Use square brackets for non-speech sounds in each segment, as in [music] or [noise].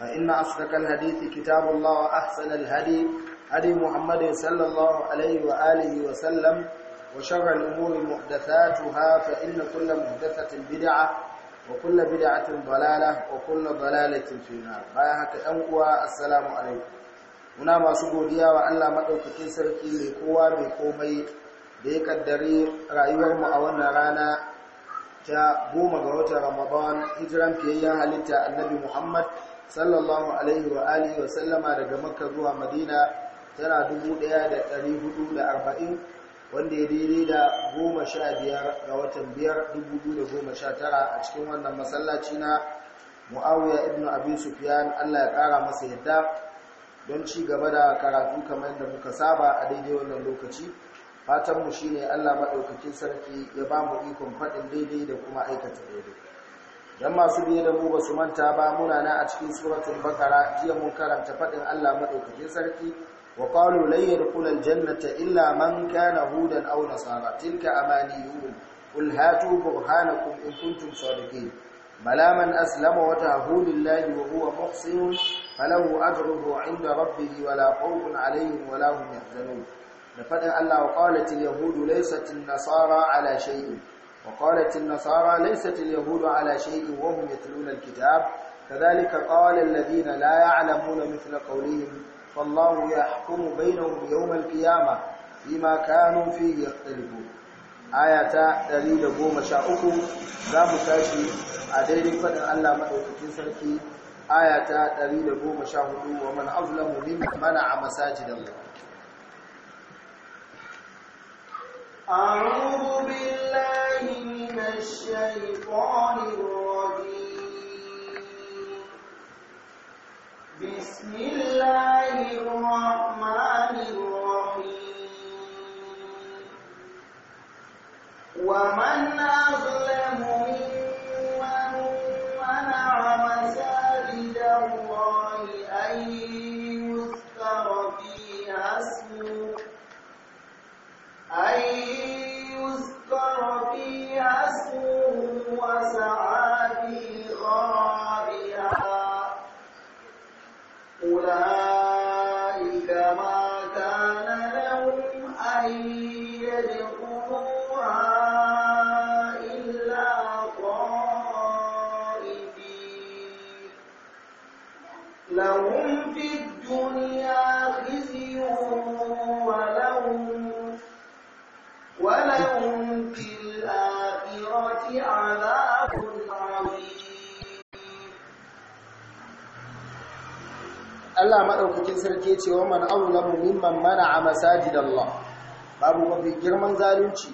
فإن أصدق الحديث كتاب الله وأحسن الهدي هدي محمد صلى الله عليه وآله وسلم وشر الأمور محدثاتها فإن كل محدثة بدعة وكل بدعة ضلالة وكل ضلالة في النار بايهك أنقوى السلام عليكم muna masu godiya wa Allah maɗaukakin sarki mai kowa mai komai da ya kaddari rayuwarmu a wannan rana ta goma ga watan Ramadan hijiran fiyayyen halitta annabi Muhammad sallallahu alaihi wa alihi wa sallama daga makka zuwa madina tana 1440 wanda ya daidai da 15 ga watan 5 2019 a cikin wannan masallaci na mu'awiyar ibn abu sufiyan Allah ya kara masa yadda don ci gaba da karatu kamar yadda muka saba a daidai wannan lokaci fatanmu shine Allah maɗaukakin sarki ya ba mu ikon faɗin daidai da kuma aikata daidai dan masu biye da mu ba su manta ba muna na a cikin suratul bakara jiya mun karanta fadin Allah madaukakin sarki wa qalu lan yadkhula aljannata illa man kana hudan aw nasara tilka amaniyuhum qul hatu burhanakum in kuntum sadiqin bala man aslama wa tahu lillahi wa huwa muhsin falahu ajruhu 'inda rabbih wa la khawfun 'alayhim wa la hum yahzanun da fadin Allah wa qalat alyahudu laysat an-nasara 'ala shay'in وقالت النصارى ليست اليهود على شيء وهم يتلون الكتاب كذلك قال الذين لا يعلمون مثل قولهم فالله يحكم بينهم يوم القيامة فيما كانوا فيه يختلفون آية 113 زام تاشي أدين فدن الله مدوكتين سلكي آية شاؤكم ومن أظلم من منع مساجد الله أعوذ بالله الشيطان الرجيم بسم الله الرحمن الرحيم ومن أظلم ممن منع مساجد الله أن يذكر فيها اسمه أن Allah maɗaukakin sarki ce wa man aulamu mimman Masajid Allah. babu mafi girman zalunci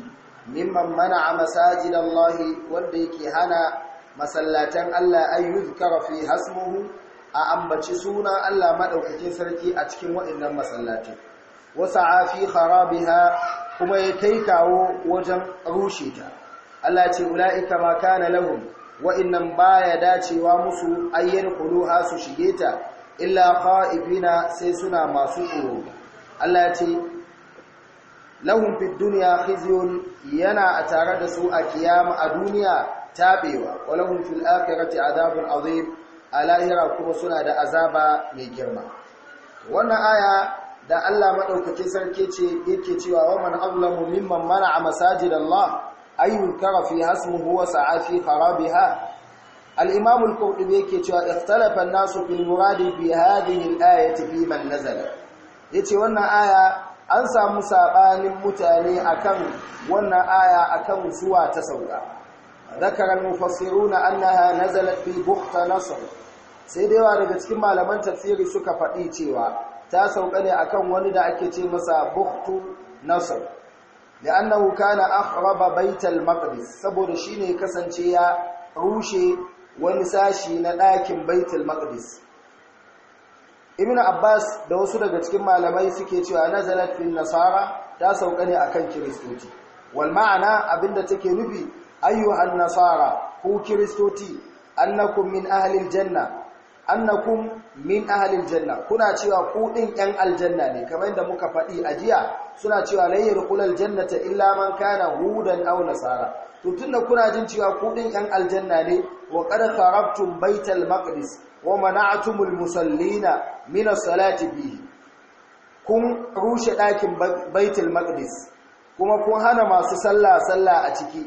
mimman mana'a Allah, wanda yake hana masallatan Allah yi yuzkara fi hasmuhu a ambaci suna Allah maɗaukakin sarki a cikin waɗannan masallatai wasa fi harabiha kuma ya kai kawo wajen rushe ta Allah ce ula'ika ma kana lahum wa'annan baya dacewa musu ayyar kuluha su shige ta illa kha'ifina sai suna masu tsoro Allah ya ce lahum fid dunya khizyun yana a tare da su a kiyama a duniya tabewa wa lahum fil akhirati adabun azim a lahira kuma suna da azaba mai girma wannan aya da Allah madaukakin sarki ce yake cewa wa man azlamu mimman mana'a masajidallah ayyukara fi hasmuhu wa sa'a fi kharabiha alimamul imam al-qurtubi yake cewa da an-nasu fil muradi bi hadhihi al-ayati fi man Ya yace wannan aya an samu sabanin mutane akan wannan aya akan zuwa ta sauka ذكر المفسرون na نزلت في بخت نصر sai da yawa daga cikin malaman tafsiri suka faɗi cewa ta sauka ne akan wani da ake ce masa buktu nasr li'annahu kana akhraba baital maqdis saboda shine kasance ya rushe wani sashi na ɗakin baitul maqdis ibn abbas da wasu daga cikin malamai suke cewa nazalat fil nasara ta sauka ne akan kiristoci wal ma'ana abinda take nufi ayyuhan nasara ku kiristoci annakum min ahlil janna annakum min ahlil janna kuna cewa ku din yan aljanna ne kamar yadda muka faɗi a jiya suna cewa la janna jannata illa man kana hudan aw nasara to tunda kuna jin cewa ku din yan aljanna ne wa qad kharabtum baital maqdis wa mana'tumul musallina min as-salati bihi kun rushe ɗakin baitul maqdis kuma kun hana masu sallah sallah a ciki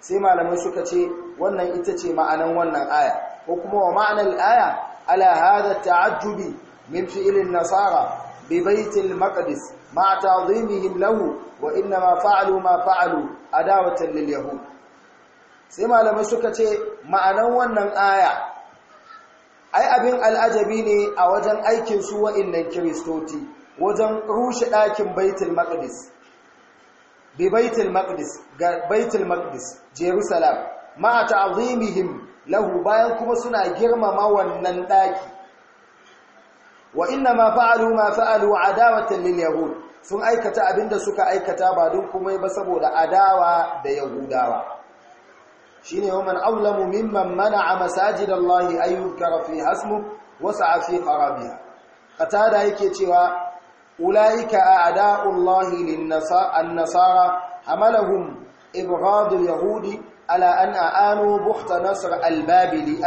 sai malamai suka ce wannan ita ce ma'anan wannan aya ko kuma wa ma'anar aya ala hada ta'ajjubi min fi'ilin nasara bi baitil maqdis ma ta'zimihim lahu wa inna ma fa'alu ma fa'alu adawatan lil yahud sai malamai suka ce ma'anan wannan aya ai abin al'ajabi ne a wajen aikin su wa'innan kiristoti wajen rushe ɗakin baitul maqdis bi baitul maqdis ga baitul maqdis jerusalem ma ta'zimihim lahu bayan kuma suna girmama wannan ɗaki wa inna ma fa'alu ma fa'alu adawatan lil yahud sun aikata abinda suka aikata ba don komai ba saboda adawa da yahudawa shine wa man awlamu mimman mana'a masajidallahi ayyukara fi hasmu wasa'a fi qarabiha qatada yake cewa ulaika a'da'ullahi lin-nasara hamalahum ibghadul yahudi ala an aanu buht nasr al-babili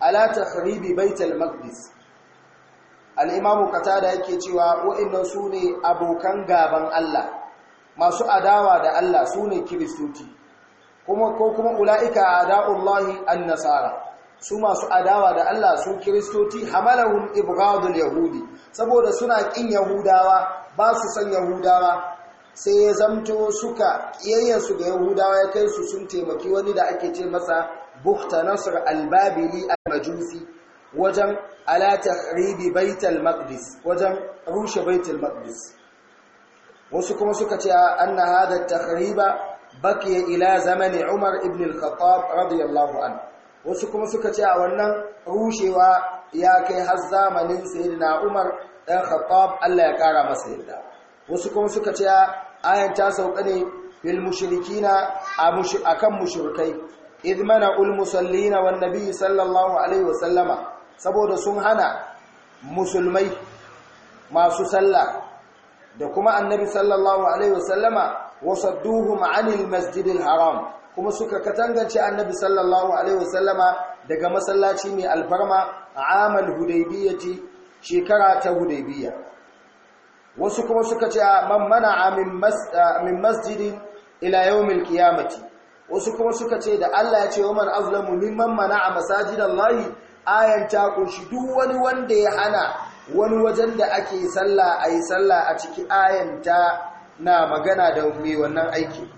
ala tahribi bait al-maqdis al-imam qatada yake cewa wa'annan sune abokan gaban Allah masu adawa da Allah sune kiristoci kuma ko kuma ula'ika ada'ullahi an-nasara su masu adawa da Allah su kiristoti hamalahum ibghadul yahudi saboda suna kin yahudawa ba su san yahudawa sai ya zamto suka kiyayyen su ga yahudawa ya kai su sun taimaki wani da ake ce masa buhta nasr al-babili al wajen ala tahribi baitul maqdis wajen rushe baitul maqdis wasu kuma suka ce anna hada tahriba baqiya ila zamani Umar ibn al-Khattab radiyallahu anhu wasu kuma suka ce a wannan rushewa ya kai har zamanin sayyidina Umar dan Khattab Allah ya kara masa yadda. wasu kuma suka ce ayan ta sauka ne fil mushrikina akan mushrikai idmana ul musallina wan nabiy sallallahu alaihi wasallama saboda sun hana musulmai masu sallah da kuma annabi sallallahu alaihi wasallama wasadduhum anil masjidil haram kuma suka katangance annabi sallallahu alaihi wasallama daga masallaci mai alfarma a amal hudaybiyati shekara ta hudaybiya wasu kuma suka ce man mana min masjidin ila yawmil qiyamati wasu kuma suka ce da Allah ya ce wa man azlamu mimman mana'a masajidallahi ayan ta kunshi duk wani wanda ya hana wani wajen da ake sallah a yi sallah a ciki ayanta na magana da mai wannan aiki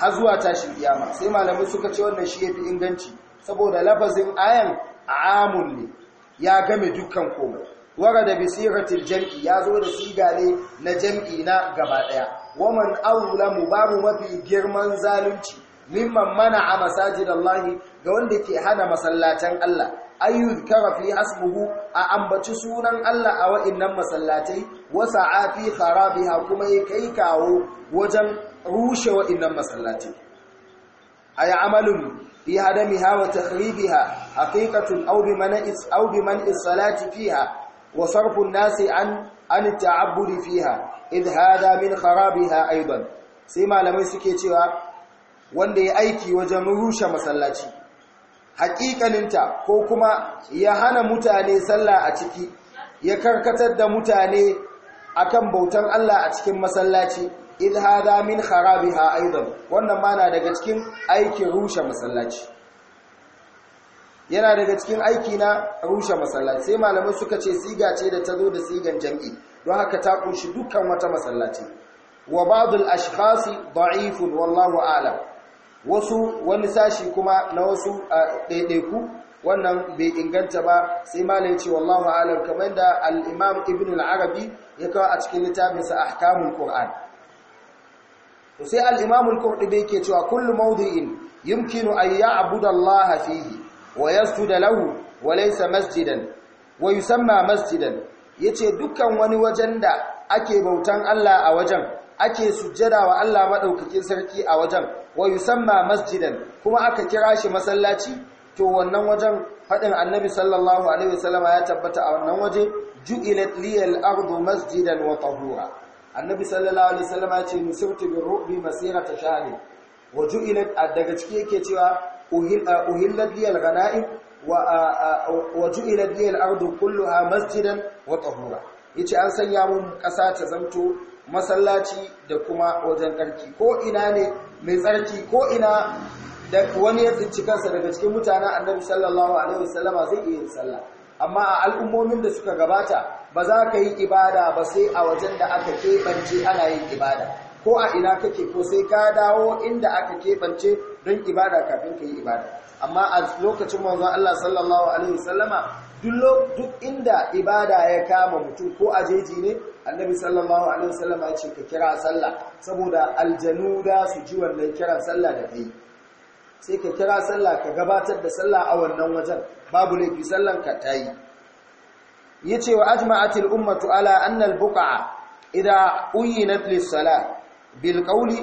har zuwa tashin kiyama sai malamai suka ce wannan shi ya fi inganci saboda lafazin ayan a amun ne ya game dukkan komai wara da bisiratil jam'i ya zo da siga ne na jam'i na gaba daya waman aulamu babu mafi girman zalunci mimman mana a masajidallahi ga wanda ke hana masallatan Allah ayyuz kara fi hasbuhu a ambaci sunan Allah a wa'innan masallatai wasa afi kharabiha kuma ya kai kawo wajen rushe wa'innan masallatai ay amalun fi hadamiha wa takhribiha haqiqatun aw bi mana'is aw bi salati fiha wa sarfu an an ta'abbudi fiha idh hada min kharabiha aidan sai malamai suke cewa wanda ya aiki wajen rushe masallaci haƙiƙaninta ko kuma ya hana mutane sallah a ciki ya karkatar da mutane akan bautan Allah a cikin masallaci id min kharabiha aidan wannan ma na daga cikin aikin rushe masallaci yana daga cikin aiki na rushe masallaci sai malamai suka ce siga ce da ta zo da sigan jami'i. don haka ta kunshi dukkan wata masallaci wa ba'dul ashkhasi da'ifun wallahu a'lam wasu wani sashi kuma na wasu a ɗaiɗaiku wannan bai inganta ba sai malai ce wallahu alam kamar da al’imam ibn al ya kawo a cikin littafinsa a qur'an to sai al ke cewa kullum yake cewa kullu yi yumkinu abu da allah hafihi wa da lahu wa laisa masjidan wa yusamma masjidan yace dukkan wani wajen da ake bautan Allah a wajen ake sujjada wa Allah madaukakin sarki a wajen wa yusamma masjidan kuma aka kira shi masallaci to wannan wajen fadin annabi sallallahu alaihi wasallama ya tabbata a wannan waje ju'ilat liyal ardu masjidan wa tahura annabi sallallahu alaihi wasallama ya ce nusirtu bi rubi masirata shahri wa ju'ilat daga ciki yake cewa uhillat liyal ghanaim wa ju'ilat liyal ardu kulluha masjidan wa tahura yace an sanya mun kasa ta zamto masallaci da kuma wajen tsarki ko ina ne mai tsarki ko ina da wani ya tsinci kansa daga cikin mutanen annabi sallallahu alaihi wasallama zai iya yin sallah amma a al'ummomin da suka gabata ba za ka yi ibada ba sai a wajen da aka keɓance ana yin ibada ko a ina kake ko sai ka dawo inda aka keɓance don ibada kafin ka yi ibada amma a lokacin manzon Allah sallallahu alaihi wasallama duk inda ibada ya kama mutum ko ajeji ne annabi sallallahu alaihi wasallam ya ce ka kira sallah saboda aljanu da su ji wannan kiran sallah da kai sai ka kira sallah ka gabatar da sallah a wannan wajen babu laifi sallan ka tayi yace wa ajma'atil ummatu ala anna al-buq'a idha uyinat lis-salah bil qawli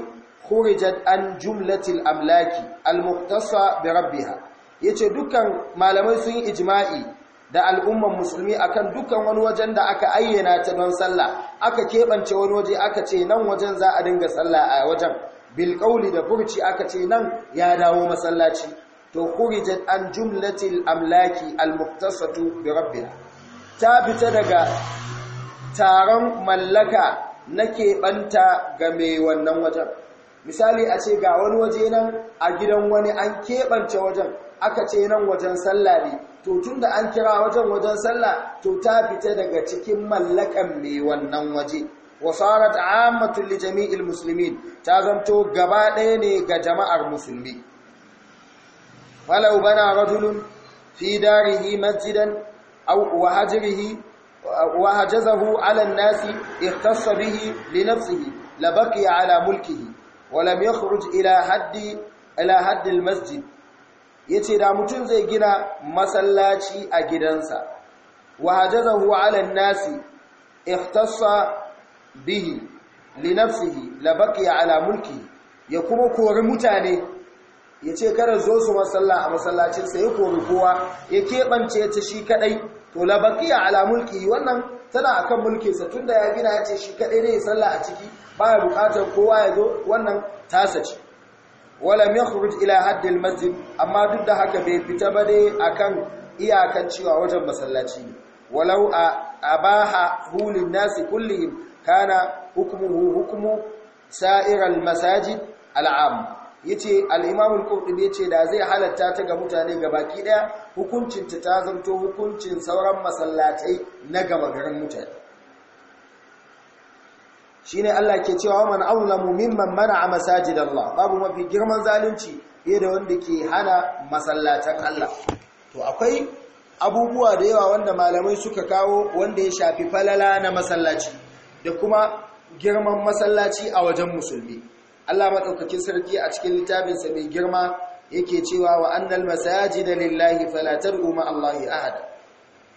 khurijat an jumlatil amlaki al-muqtasa bi rabbiha yace dukkan malamai sun yi ijma'i da al'ummar musulmi akan dukkan wani wajen da aka ayyana ta don sallah aka keɓance wani waje aka ce nan wajen za a dinga sallah a wajen bilkauli da furci aka ce nan ya dawo masallaci to kurijat an jumlatil amlaki almuktasatu bi rabbina ta fita daga taron mallaka na keɓanta ga mai wannan wajen misali a ce ga wani waje nan a gidan wani an keɓance wajen aka ce nan wajen sallah ne to tun da an kira wajen wajen sallah to ta fita daga cikin mallakan mai wannan waje wasarat ammatul li jami'il muslimin ta zanto gaba ɗaya ne ga jama'ar musulmi falau bana rajulun fi darihi masjidan aw wa hajrihi ala an-nasi ikhtassa bihi li nafsihi labaqiya ala mulkihi walam yakhruj ila haddi ila haddil masjid yace da mutum zai gina masallaci a gidansa wa hajazahu ala nasi ikhtassa bihi li nafsihi la baqiya ala mulki ya kuma kori mutane yace kada zo su masalla a masallacin sa ya kori kowa ya kebance ta shi kadai to la baqiya ala mulki wannan tana akan mulkinsa tunda ya gina yace shi kadai ne ya salla a ciki ba bukatar kowa ya zo wannan tasa ce walam yakhruj ila haddil masjid amma duk da haka bai fita ba dai akan iyakan cewa wajen masallaci ne walau abaha hulin nasi kullihim kana hukmuhu hukmu sa'iral masajid al'am yace al-imam al-qurtubi yace da zai halatta ta ga mutane gabaki daya hukuncin ta zanto hukuncin sauran masallatai na gaba garin mutane Shi ne Allah ke cewa man aulamu mimman mana'a masajidallah babu mafi girman zalunci fiye da wanda ke hana masallatan Allah to akwai abubuwa da yawa wanda malamai suka kawo wanda ya shafi falala na masallaci da kuma girman masallaci a wajen musulmi Allah maɗaukakin sarki a cikin littafinsa mai girma yake cewa wa annal masajida lillahi fala tad'u ma ahada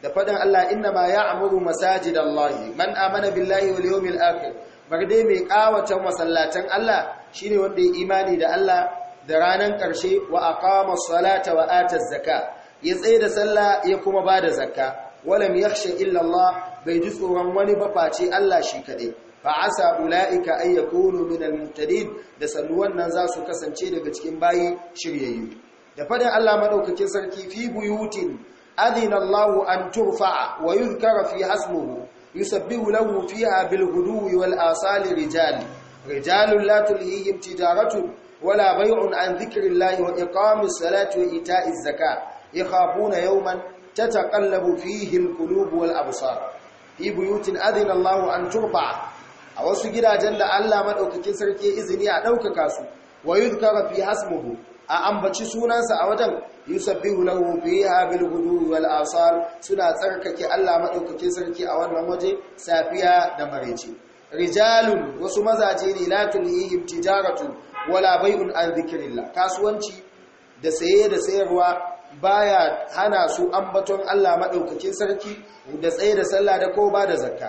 da fadan Allah inna ma ya'muru masajidallahi man amana billahi wal yawmil akhir barde mai ƙawata masallatan Allah shine wanda ya imani da Allah da ranar ƙarshe wa aqama salata wa ata ya tsaye da sallah ya kuma bada zakka walam yakhsha illa Allah bai ji tsoron wani bafaci Allah shi kaɗai. fa asa ulaika ay yakunu min al-muhtadin da sallu wannan za su kasance daga cikin bayi shiryayyu da fadin Allah madaukakin sarki fi buyutin adina Allah an turfa wa yuzkara fi hasmuhu yusabbihu lahu fiha bil huduwi wal asali rijal rijalun la tulhihim tijaratu wala bay'un an dhikrillahi wa iqamis salati wa Ya zakat yakhafuna yawman tataqallabu fihi al qulub wal absar fi buyutin adina Allahu an turfa a wasu gidajen da Allah madaukakin sarki izini a ɗaukaka su wa yudhkara fi hasmuhu a ambaci sunansa a wajen yusabbihu lahu fiha bil ghudu wal asar suna tsarkake Allah madaukake sarki a wannan waje safiya da maraice rijalun wasu mazaje ne la tulhihim tijaratu wala bai'un an dhikrillah kasuwanci da saye da sayarwa baya hana su ambaton Allah maɗaukakin sarki da tsaye da sallah da ko ba da zakka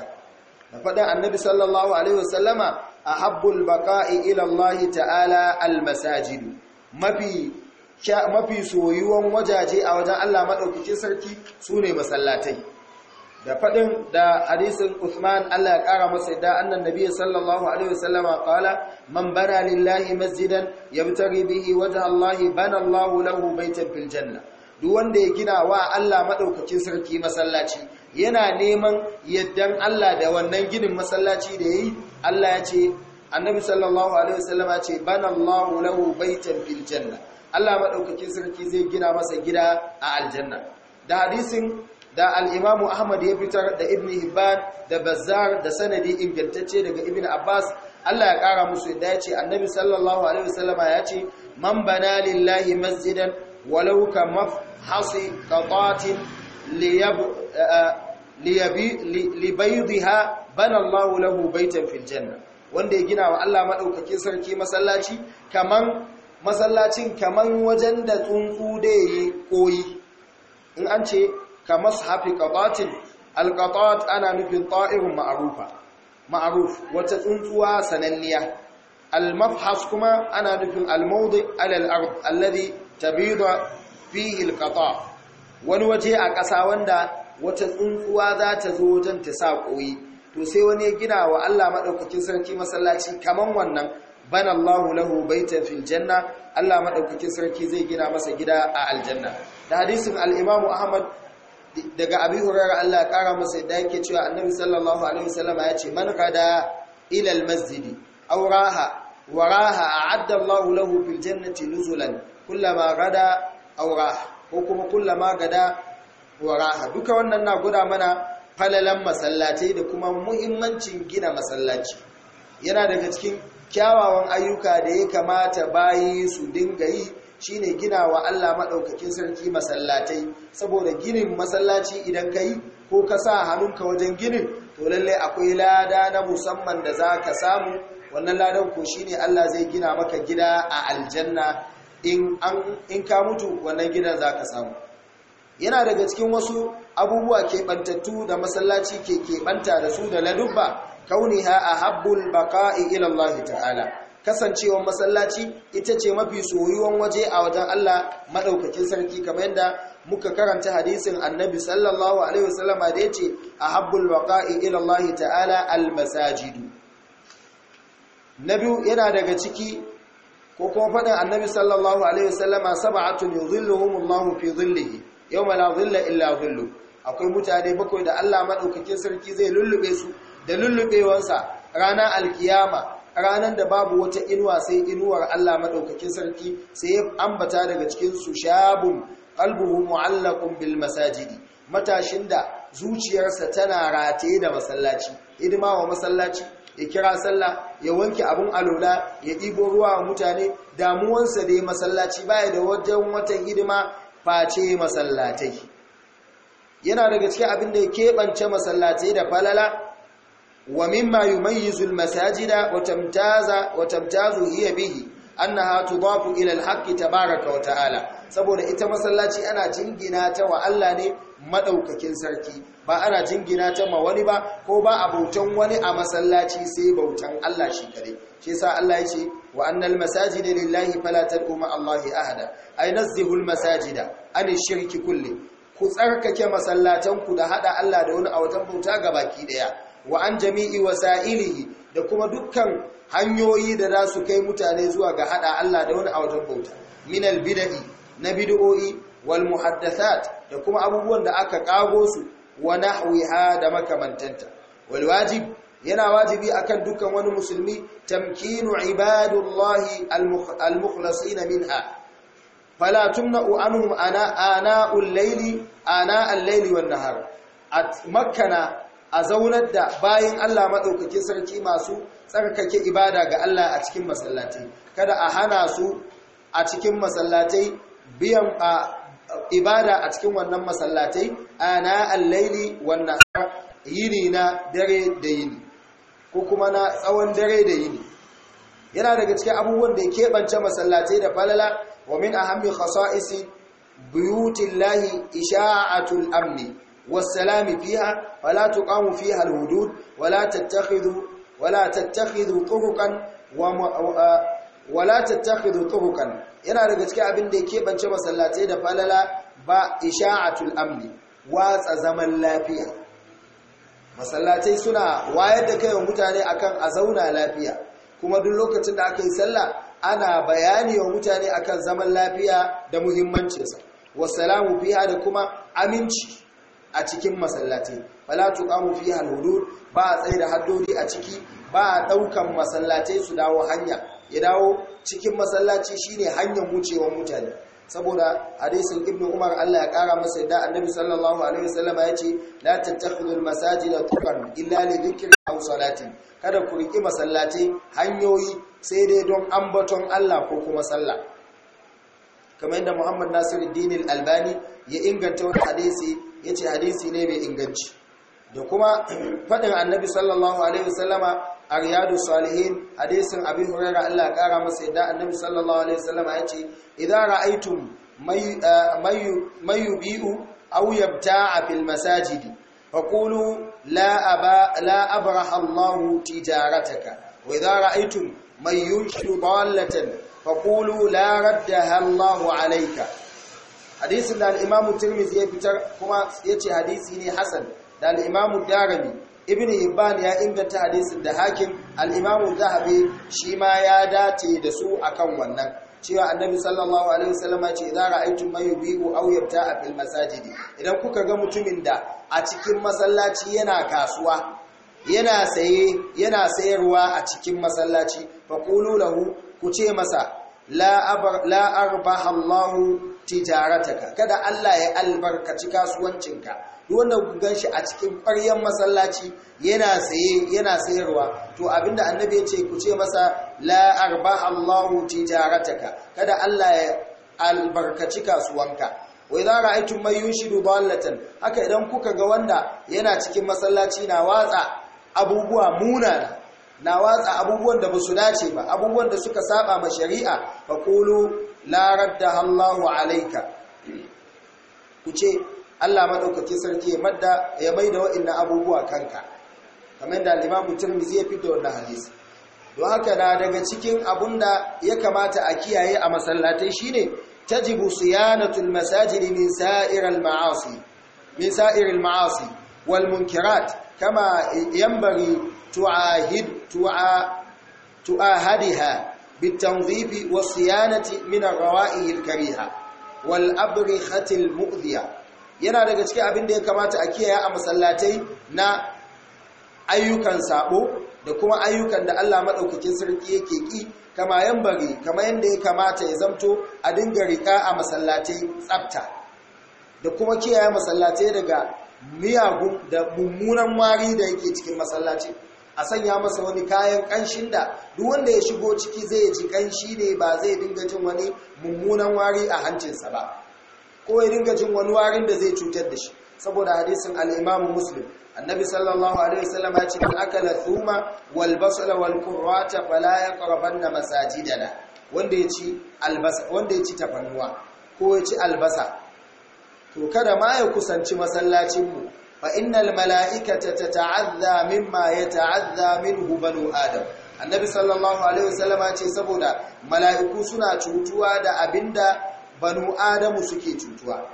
da faɗin annabi sallallahu alaihi wasallama ahabbul baqa'i ila Allah ta'ala al masajidu mafi soyuwan wajaje a wajen Allah madaukakin sarki sune masallatai da faɗin, da hadisin Usman Allah ya kara masa da annan nabi sallallahu alaihi wasallama qala man bana lillahi masjidan yabtaghi bihi wajha Allah bana Allah lahu baytan fil janna duk wanda ya gina wa Allah madaukakin sarki masallaci yana neman yaddan Allah da wannan ginin masallaci da yayi Allah ya ce annabi sallallahu alaihi wasallama ce banallahu lahu baitan fil janna Allah madaukakin sarki zai gina masa gida a aljanna da hadisin da al-imamu Ahmad ya fitar da Ibn Hibban da Bazzar da sanadi ingantacce daga ibni Abbas Allah ya kara musu yadda ya annabi sallallahu alaihi wasallama ya ce man bana lillahi masjidan walau ka mafhasi qatatin liyab liyabi libaydha lahu baitan fil janna wanda ya gina wa Allah maɗaukakin sarki masallaci kamar masallacin wajen da tsuntsu da ya koyi in an ce ka mashafi qatatin alqatat ana nufin ta'irun ma'rufa wata tsuntsuwa sananniya almafhas kuma ana nufin almawdi ala al-ard alladhi tabidu fihi alqata wani waje a ƙasa wanda wata tsuntsuwa za ta zo wajen ta sa koyi to sai wani ya gina wa Allah maɗaukakin sarki masallaci kaman wannan bana Allahu lahu baitan fil janna Allah maɗaukakin sarki zai gina masa gida a aljanna da hadisin al-Imam Ahmad daga Abi Hurairah Allah ya kara masa da yake cewa Annabi sallallahu alaihi wasallam ya ce man kada ila al-masjid aw raha wa raha a'adda Allahu lahu fil jannati nuzulan kullama ko kuma kullama gada wa raha duka wannan na guda mana falalan masallatai da kuma muhimmancin gina masallaci yana daga cikin kyawawan ayyuka da ya kamata bayi su dinga yi shine gina wa Allah maɗaukakin sarki masallatai saboda ginin masallaci idan ka yi ko ka sa hannunka wajen ginin to lallai akwai lada na musamman da za ka samu wannan ladan ko shine Allah zai gina maka gida a aljanna in ka mutu wannan gidan za ka samu yana daga cikin wasu abubuwa keɓantattu da masallaci ke keɓanta da su da ladubba kauniha a habbul baka'i ilallahi ta'ala kasancewar masallaci ita ce mafi soyuwan waje a wajen Allah maɗaukakin sarki kamar yadda muka karanta hadisin annabi sallallahu alaihi wasallama da ya ce a habbul baka'i ilallahi ta'ala almasajidu na biyu yana daga ciki ko kuma faɗin annabi sallallahu alaihi wasallama sab'atun yuzilluhumullahu fi dhillihi yau mala zilla illa zillu akwai mutane bakwai da Allah maɗaukakin sarki zai lullube su da lullubewansa ranar alkiyama ranar da babu wata inuwa sai inuwar Allah maɗaukakin sarki sai ya ambata daga cikinsu shabun qalbuhu mu'allakun bil masajidi matashin da zuciyarsa tana rataye da masallaci hidima wa masallaci ya kira sallah ya wanke abin alola ya ɗibo ruwa wa mutane damuwansa da ya masallaci baya da wajen wata hidima face masallatai yana daga cikin abin da ya keɓance masallatai da falala wa mimma yumayyizu almasajida wa tamtaza wa tamtazu hiya bihi annaha tudafu ila alhaqqi tabaaraka wa ta'ala saboda ita masallaci ana jingina ta wa Allah ne madaukakin sarki ba ana jingina ta ma wani ba ko ba abautan wani a masallaci sai bautan Allah shi kare shi yasa Allah ya ce وأن المساجد لله فلا تدعو مع الله أحدا أي masajida, المساجد shirki الشرك Ku tsarkake كما صلاتكم ده هذا الله ده wani awatan bauta baki daya wa an jami'i wasa'ilihi da kuma dukkan hanyoyi da za su kai mutane zuwa ga hada Allah da wani awatan bauta min al bid'i na bid'o'i wal muhaddathat da kuma abubuwan da aka kago su wa nahwiha da makamantanta wal wajib yana wajibi akan dukkan wani musulmi tamkinu ibadullahi al-mukhlasina minha fala tumna'u anhum ana ana'ul layli ana'al layli wan nahar at makkana a zaunar da bayan Allah madaukakin sarki masu tsarkake ibada ga Allah a cikin masallatai kada a hana su a cikin masallatai biyan ibada a cikin wannan masallatai ana al-layli wan nahar yini na dare da yini ko kuma na tsawon dare da yini yana daga cikin abubuwan da ya keɓance masallatai da falala wa min ahammi khasa'isi buyutillahi isha'atul amni wassalami fiha wala tuqamu fiha alhudud wala tattakhidhu wala tattakhidhu turuqan wa wala tattakhidhu turuqan yana daga cikin abin da ya keɓance masallatai da falala ba isha'atul amni watsa zaman lafiya masallatai suna wayar da kaiwa mutane akan a zauna lafiya kuma duk lokacin da aka yi sallah ana bayani wa mutane akan zaman lafiya da muhimmancinsa wasalamu fiha da kuma aminci a cikin masallatai fala tuqamu fiha alhudud ba a tsaye da haddodi a ciki ba a daukan masallatai su dawo hanya ya dawo cikin masallaci shine hanyar wucewar mutane saboda hadisin ibnu umar Allah ya kara masa yadda annabi sallallahu alaihi wasallam ya ce la tattakhidhu almasajida tuqan illa li dhikri aw salatin kada ku riki masallati hanyoyi sai dai don ambaton Allah ko kuma sallah kamar yadda Muhammad Nasiruddin Al-Albani ya inganta wani hadisi yace hadisi ne mai inganci da kuma [clears throat] fadin annabi sallallahu alaihi wasallama a riyadu salihin hadisin abin hurera Allah ya kara masa yadda annabi sallallahu alaihi wasallam ya ce idan ra'aytum uh, may yubi'u aw yabta'a fil masajid faqulu la aba la abraha Allah tijarataka wa idza ra'aytum may yunshu dallatan faqulu la raddaha Allah alayka hadisin da al-imam Tirmidhi ya fitar kuma yace hadisi ne hasan da al-imam Darimi ibn hibban ya inganta hadisin da hakim al-imamu zahabi shi ma ya dace da su akan wannan cewa annabi sallallahu alaihi wasallama ce idza ra'aytum man yubi'u aw yabta'a fil masajid idan kuka ga mutumin da a cikin masallaci yana kasuwa yana saye yana sayarwa a cikin masallaci faqulu lahu ku ce masa la arbaha Allahu tijarataka kada Allah ya albarkaci kasuwancinka wanda ku ganshi a cikin ƙwaryen masallaci yana saye yana sayarwa to abinda annabi ya ce ku ce masa la arbaha Allahu tijarataka kada Allah ya albarkaci kasuwanka wai za ra'aytum man yunshidu ballatan haka idan kuka ga wanda yana cikin masallaci na watsa abubuwa munana na watsa abubuwan da ba su dace ba abubuwan da suka saba ma shari'a fa qulu la raddaha Allahu alayka ku ce Allah madaukake sarki ya madda ya maida wa'annan abubuwa kanka kamar da Imam Tirmidhi ya fito wannan hadisi don haka na daga cikin abunda ya kamata a kiyaye a masallatai shine tajibu siyanatul masajid min sa'iral ma'asi min sa'iril ma'asi wal munkirat kama yanbaghi tu'ahid tu'a بالتنظيف والصيانة من الروائح الكريهة والأبرخة المؤذية yana daga cikin abin da ya kamata a kiyaye a masallatai na ayyukan sabo da kuma ayyukan da Allah madaukakin sarki yake ki kama yambari kama yanda ya kamata ya zamto a dinga rika a masallatai tsafta da kuma kiyaye masallatai daga miyagun da mummunan wari da yake cikin masallaci a sanya masa wani kayan ƙanshin da duk wanda ya shigo ciki zai ji kanshi ne ba zai dinga jin wani mummunan wari a hancinsa ba ko ya dinga jin wani warin da zai cutar da shi saboda hadisin al-Imam Muslim annabi sallallahu alaihi wasallam ya ce man akala thuma wal basala wal qurrata fala yaqrabanna masajidana wanda ya ci albasa wanda ya ci ko ya ci albasa to kada ma ya kusanci masallacin mu فإن innal mala'ikata مما يتعذى منه minhu banu adam annabi الله عليه وسلم ce saboda mala'iku suna cutuwa da abinda بنو adamu suke cutuwa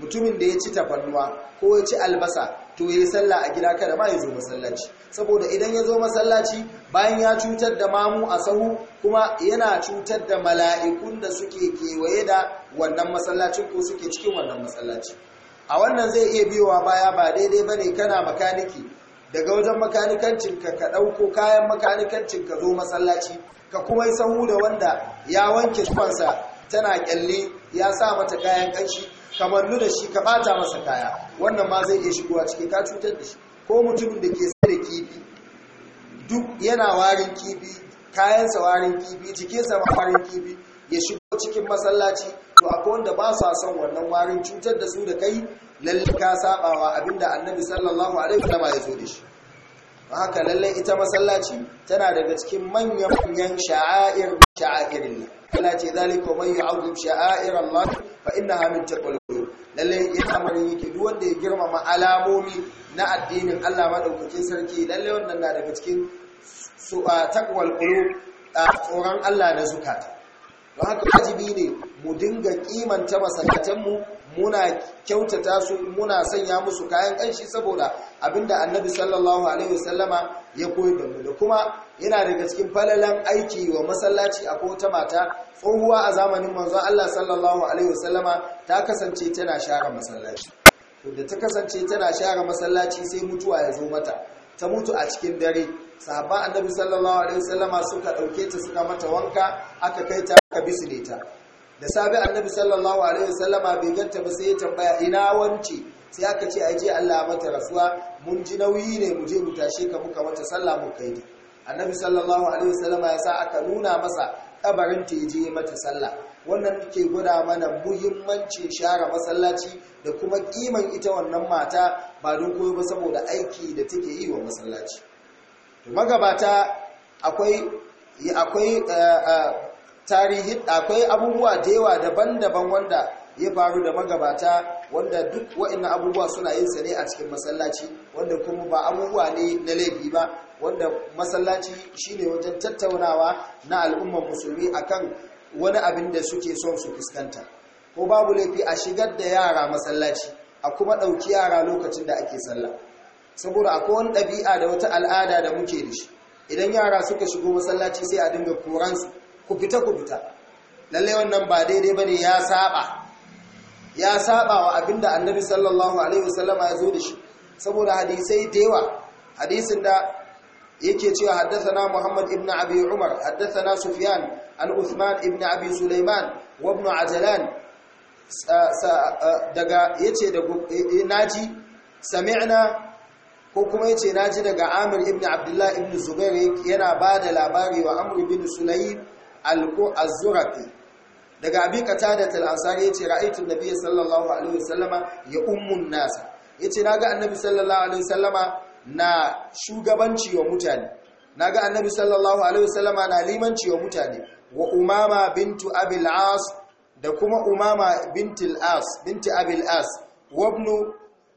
mutumin da ya ci tafarnuwa ko ya ci albasa to ya yi sallah a gida kada ma ya zo masallaci saboda idan ya zo masallaci bayan ya cutar da mamu a sahu kuma yana cutar da mala'ikun da suke kewaye da wannan masallacin ko suke cikin wannan masallacin. a wannan zai iya biyowa baya ba daidai bane kana makaniki daga wajen makanikancin ka ka ɗauko kayan makanikancin ka zo masallaci ka kuma yi sahu da wanda ya wanke tufansa tana kyalle ya sa mata kayan kanshi kamar da shi ka bata masa kaya wannan ma zai iya shigowa cikin ka cutar da shi ko mutumin da ke sai da kifi duk yana warin kifi kayansa warin kifi jikinsa warin kifi ya shigo cikin masallaci to akwai wanda ba sa son wannan warin cutar da su da kai lalle ka sabawa abinda annabi sallallahu alaihi wasallam ya zo da shi haka lalle ita masallaci tana daga cikin manyan manyan sha'air sha'airillah kana ce zalika man yu'azzim sha'air Allah fa innaha min taqwal qulub lalle ita amarin yake duk wanda ya girmama alamomi na addinin Allah madaukakin sarki lalle wannan na daga cikin su taqwal qulub tsoron Allah na zukata haka wajibi ne mu dinga kimanta masallatanmu muna kyautata su muna sanya musu kayan kanshi saboda abinda annabi sallallahu alaihi wasallama ya koyar da mu da kuma yana daga cikin falalan aiki wa masallaci a kota mata tsohuwa a zamanin manzon Allah sallallahu alaihi wasallama ta kasance tana share masallaci to da ta kasance tana share masallaci sai mutuwa ya zo mata ta mutu a cikin dare sahabban annabi sallallahu alaihi wasallama suka dauke ta suka mata wanka aka kai ta bisu bisne ta da sabi annabi sallallahu alaihi wasallama bai ganta ba sai ya tambaya ina wance sai aka ce ai je Allah mata rasuwa mun ji nauyi ne mu je mu tashi ka muka wata sallah mu kai annabi sallallahu alaihi wasallama ya sa aka nuna masa kabarin ta je mata sallah wannan ke gwada mana muhimmanci share masallaci da kuma kiman ita wannan mata ba don koyo ba saboda aiki da take yi wa masallaci to magabata akwai akwai eh, eh, tarihi akwai abubuwa da yawa daban-daban wanda ya faru da magabata wanda duk wa'annan abubuwa suna yin sa ne a cikin masallaci wanda kuma ba abubuwa ne na laifi ba wanda masallaci shine wajen tattaunawa na al'ummar musulmi akan wani abin da suke son su fuskanta ko babu laifi a shigar da yara masallaci a kuma ɗauki yara lokacin da ake sallah saboda akwai wani ɗabi'a da wata al'ada da muke da shi idan yara suka shigo masallaci sai a dinga koransu ku fita ku fita lalle wannan ba daidai bane ya saba ya saba wa abinda annabi sallallahu alaihi wasallama ya zo da shi saboda hadisai da yawa hadisin da yake cewa haddathana Muhammad ibn Abi Umar haddathana Sufyan an Uthman ibn Abi Sulaiman wa ibn Ajlan daga yace da eh, naji sami'na ko kuma yace naji daga Amir ibn Abdullah ibn Zubair yana bada labari wa Amr ibn sulaiman al-zurafi daga abi qatada al-ansari yace ra'aytu an-nabiy sallallahu alaihi wasallama ya ummun nas yace naga annabi sallallahu alaihi wasallama na shugabanci wa mutane naga annabi sallallahu alaihi wasallama na limanci wa mutane wa umama bintu abil as da kuma umama binti al-as binti abil as wa ibnu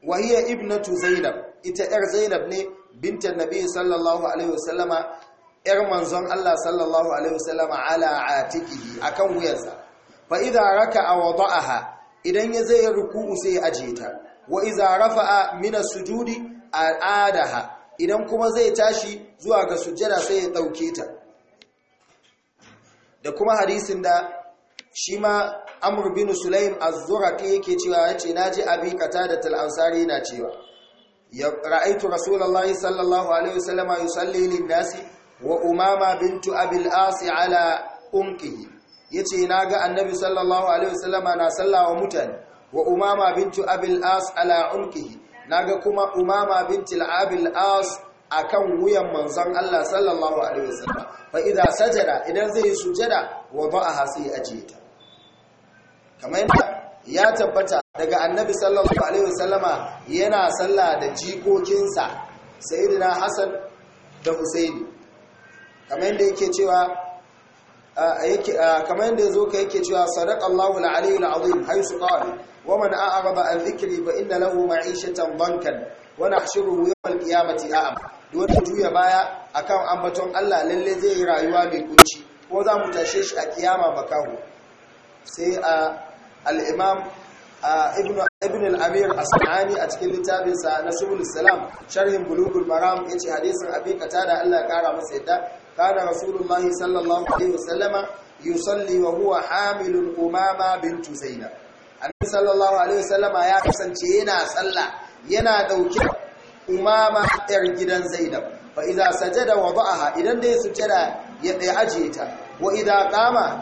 wa hiya ibnatu zainab ita yar zainab ne bintan nabi sallallahu alaihi wasallama 'yar manzon Allah sallallahu alaihi wasallama ala atikihi akan wuyarsa fa idza raka'a aha idan ya zai ruku'u sai ya ta wa idza a min as-sujudi al'adaha idan kuma zai tashi zuwa ga sujjada sai ya dauke ta da kuma hadisin da shi ma Amr bin Sulaim az-Zuraqi yake cewa yace naji Abi da tal ansari na cewa ra'aytu Rasulullahi sallallahu alaihi wasallama yusalli lin-nasi wa umama bintu abil asi ala unqihi yace ga annabi sallallahu alaihi wasallama na sallawa mutane wa umama bintu abil as ala unqihi naga kuma umama bintil abil as akan wuyan manzon Allah sallallahu alaihi wasallam fa idza sajada idan zai sujada wada'aha sai ajiyata kamar yadda ya tabbata daga annabi sallallahu alaihi wasallama yana sallah da jikokinsa sayyidina hasan da husaini kamar yadda yake cewa kamar yadda yazo ka yake cewa sadaqallahu al-aliyyul azim haythu qala wa man a'rada an dhikri fa inna lahu ma'ishatan dhankan wa nahshuruhu yawm al-qiyamati a'ma dole juya baya akan ambaton Allah lalle zai yi rayuwa mai kunci ko za mu tashe shi a kiyama makaho sai a al ibn al-amir as-sanani a cikin littafinsa na subul salam sharhin bulugul maram ya yace hadisin abi qatada Allah ya kara masa yadda kana rasulullahi sallallahu alaihi wasallama yusalli wa huwa hamilun umama bintu zainab annabi sallallahu alaihi wasallama ya kasance yana tsalla, yana dauke umama yar gidan zainab fa idza sajada wada'aha idan dai sujada ya dai ajiye ta wa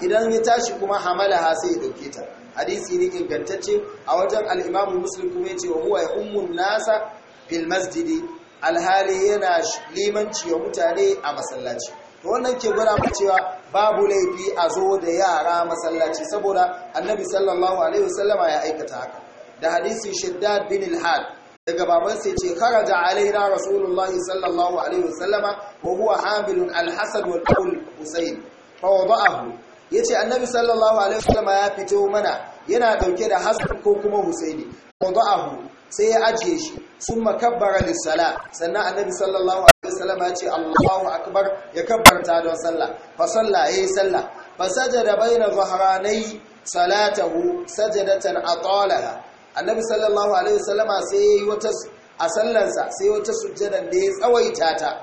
idan ya tashi kuma hamalaha sai ya ɗauke ta hadisi ne ingantacce a wajen al'imamin imamu muslim kuma yace wa ya ummun nasa fil masjidi alhali yana limanci wa mutane a masallaci to wannan ke gwada mu cewa babu laifi a zo da yara masallaci saboda annabi sallallahu alaihi wasallama ya aikata haka da hadisin shaddad bin al-had daga baban sai ce kharaja alaina rasulullahi sallallahu alaihi wasallama wa huwa hamilun al-hasad wal qul husayn fa wada'ahu yace annabi sallallahu alaihi wasallama ya fito mana yana dauke da hasan ko kuma husaini wada'ahu sai ya ajiye shi sun makabbara lissala sannan annabi sallallahu alaihi wasallam ya ce Allahu akbar ya kabbarta don sallah fa salla yayi sallah fa sajada da dhahranai salatahu sajadatan atalaha annabi sallallahu alaihi salama, sai yayi wata a sallansa sai wata sujjadan da ya tsawaita ta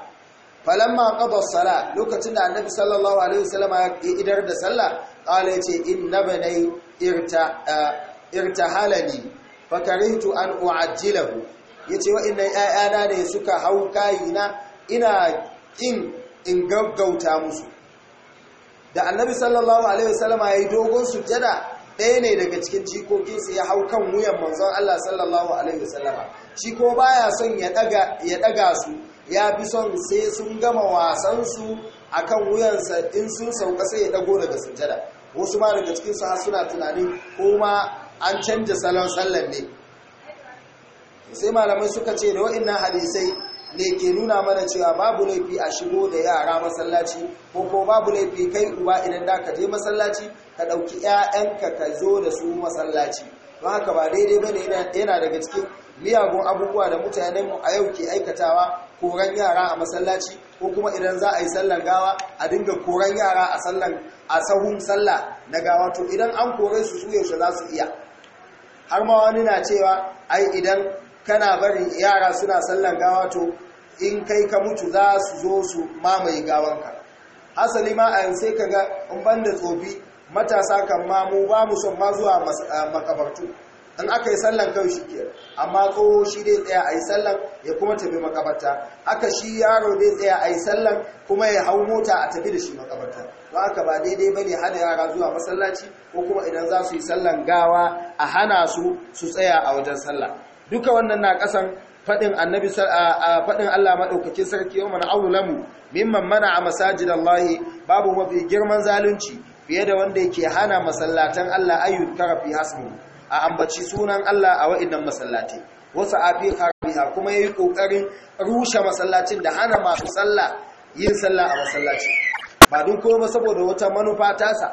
falamma qada sala lokacin da annabi sallallahu alaihi wasallama ya idar da sallah qala yace inna banai irta irtahalani fakarihtu an u'ajjilahu yace inna ayyana ne suka hau kayina ina kin in gaggauta musu da annabi sallallahu alaihi wasallama yayi dogon sujjada ɗaya ne daga cikin jikokinsa ya hau kan wuyan manzon Allah sallallahu alaihi wasallama shi ko baya son ya daga ya daga su ya fi son sai sun gama wasan su akan wuyansa in sun sauka sai ya dago daga sujjada wasu ma daga cikin su suna tunanin ko ma an canja salon sallar ne sai malamai suka ce da waɗannan hadisai ne ke nuna mana cewa babu laifi a shigo da yara masallaci ko ko babu laifi kai uba idan da ka je masallaci ka ɗauki 'ya'yanka ka zo da su masallaci don haka ba daidai bane yana daga cikin miyagun abubuwa da mutanenmu a yau ke aikatawa koran yara a masallaci ko kuma idan za a yi sallan gawa a dinga koran yara a a sahun sallah na gawa to idan an kore su su yaushe za su iya har ma wani na cewa ai idan kana bari yara suna sallan gawa to in kai ka mutu za su zo su mamaye gawanka asali ma a sai ka ga in banda tsofi matasa kan ma mu ba mu son ma zuwa makabartu in aka yi sallan kawai shi ke amma tsoho shi dai tsaya a yi sallan ya kuma tafi makabarta haka shi yaro dai tsaya a yi sallan kuma ya hau mota a tafi da shi makabarta don aka ba daidai ba ne hana yara zuwa masallaci ko kuma idan za su yi sallan gawa a hana su su tsaya a wajen sallah duka wannan na kasan fadin annabi fadin Allah madaukakin sarki yau mana aulamu mimman mana a masajidallahi babu mafi girman zalunci fiye da wanda yake hana masallatan Allah ayyukan karafi hasmu a ambaci sunan Allah a wa'idan masallatai wasu afi harbiha kuma yi kokarin rushe masallacin da hana masu sallah yin sallah a masallaci ba duk kuma saboda wata manufa tasa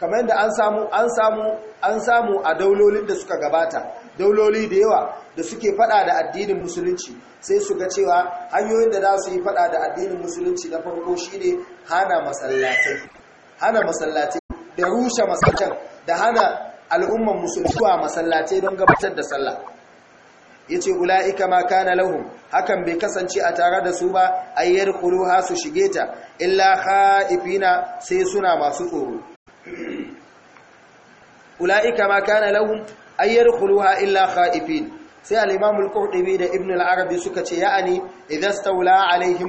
kamar da an samu an samu a daulolin da suka gabata dauloli da yawa da suke fada da addinin musulunci sai su ga cewa hanyoyin da za su yi fada da addinin musulunci na farko shine hana masallatai hana masallatai da rushe masallacin da hana al'umman musulmi zuwa masallatai don gabatar da sallah ya yace ulaika ma kana lahun? hakan bai kasance a tare da su ba ayyar quluha su shige ta illa khaifina sai suna masu tsoro [clears throat] ulaika ma kana lahum ayyar quluha illa khaifin sai alimamul imam da ibn al-arabi suka ce ya'ani idza stawla alaihim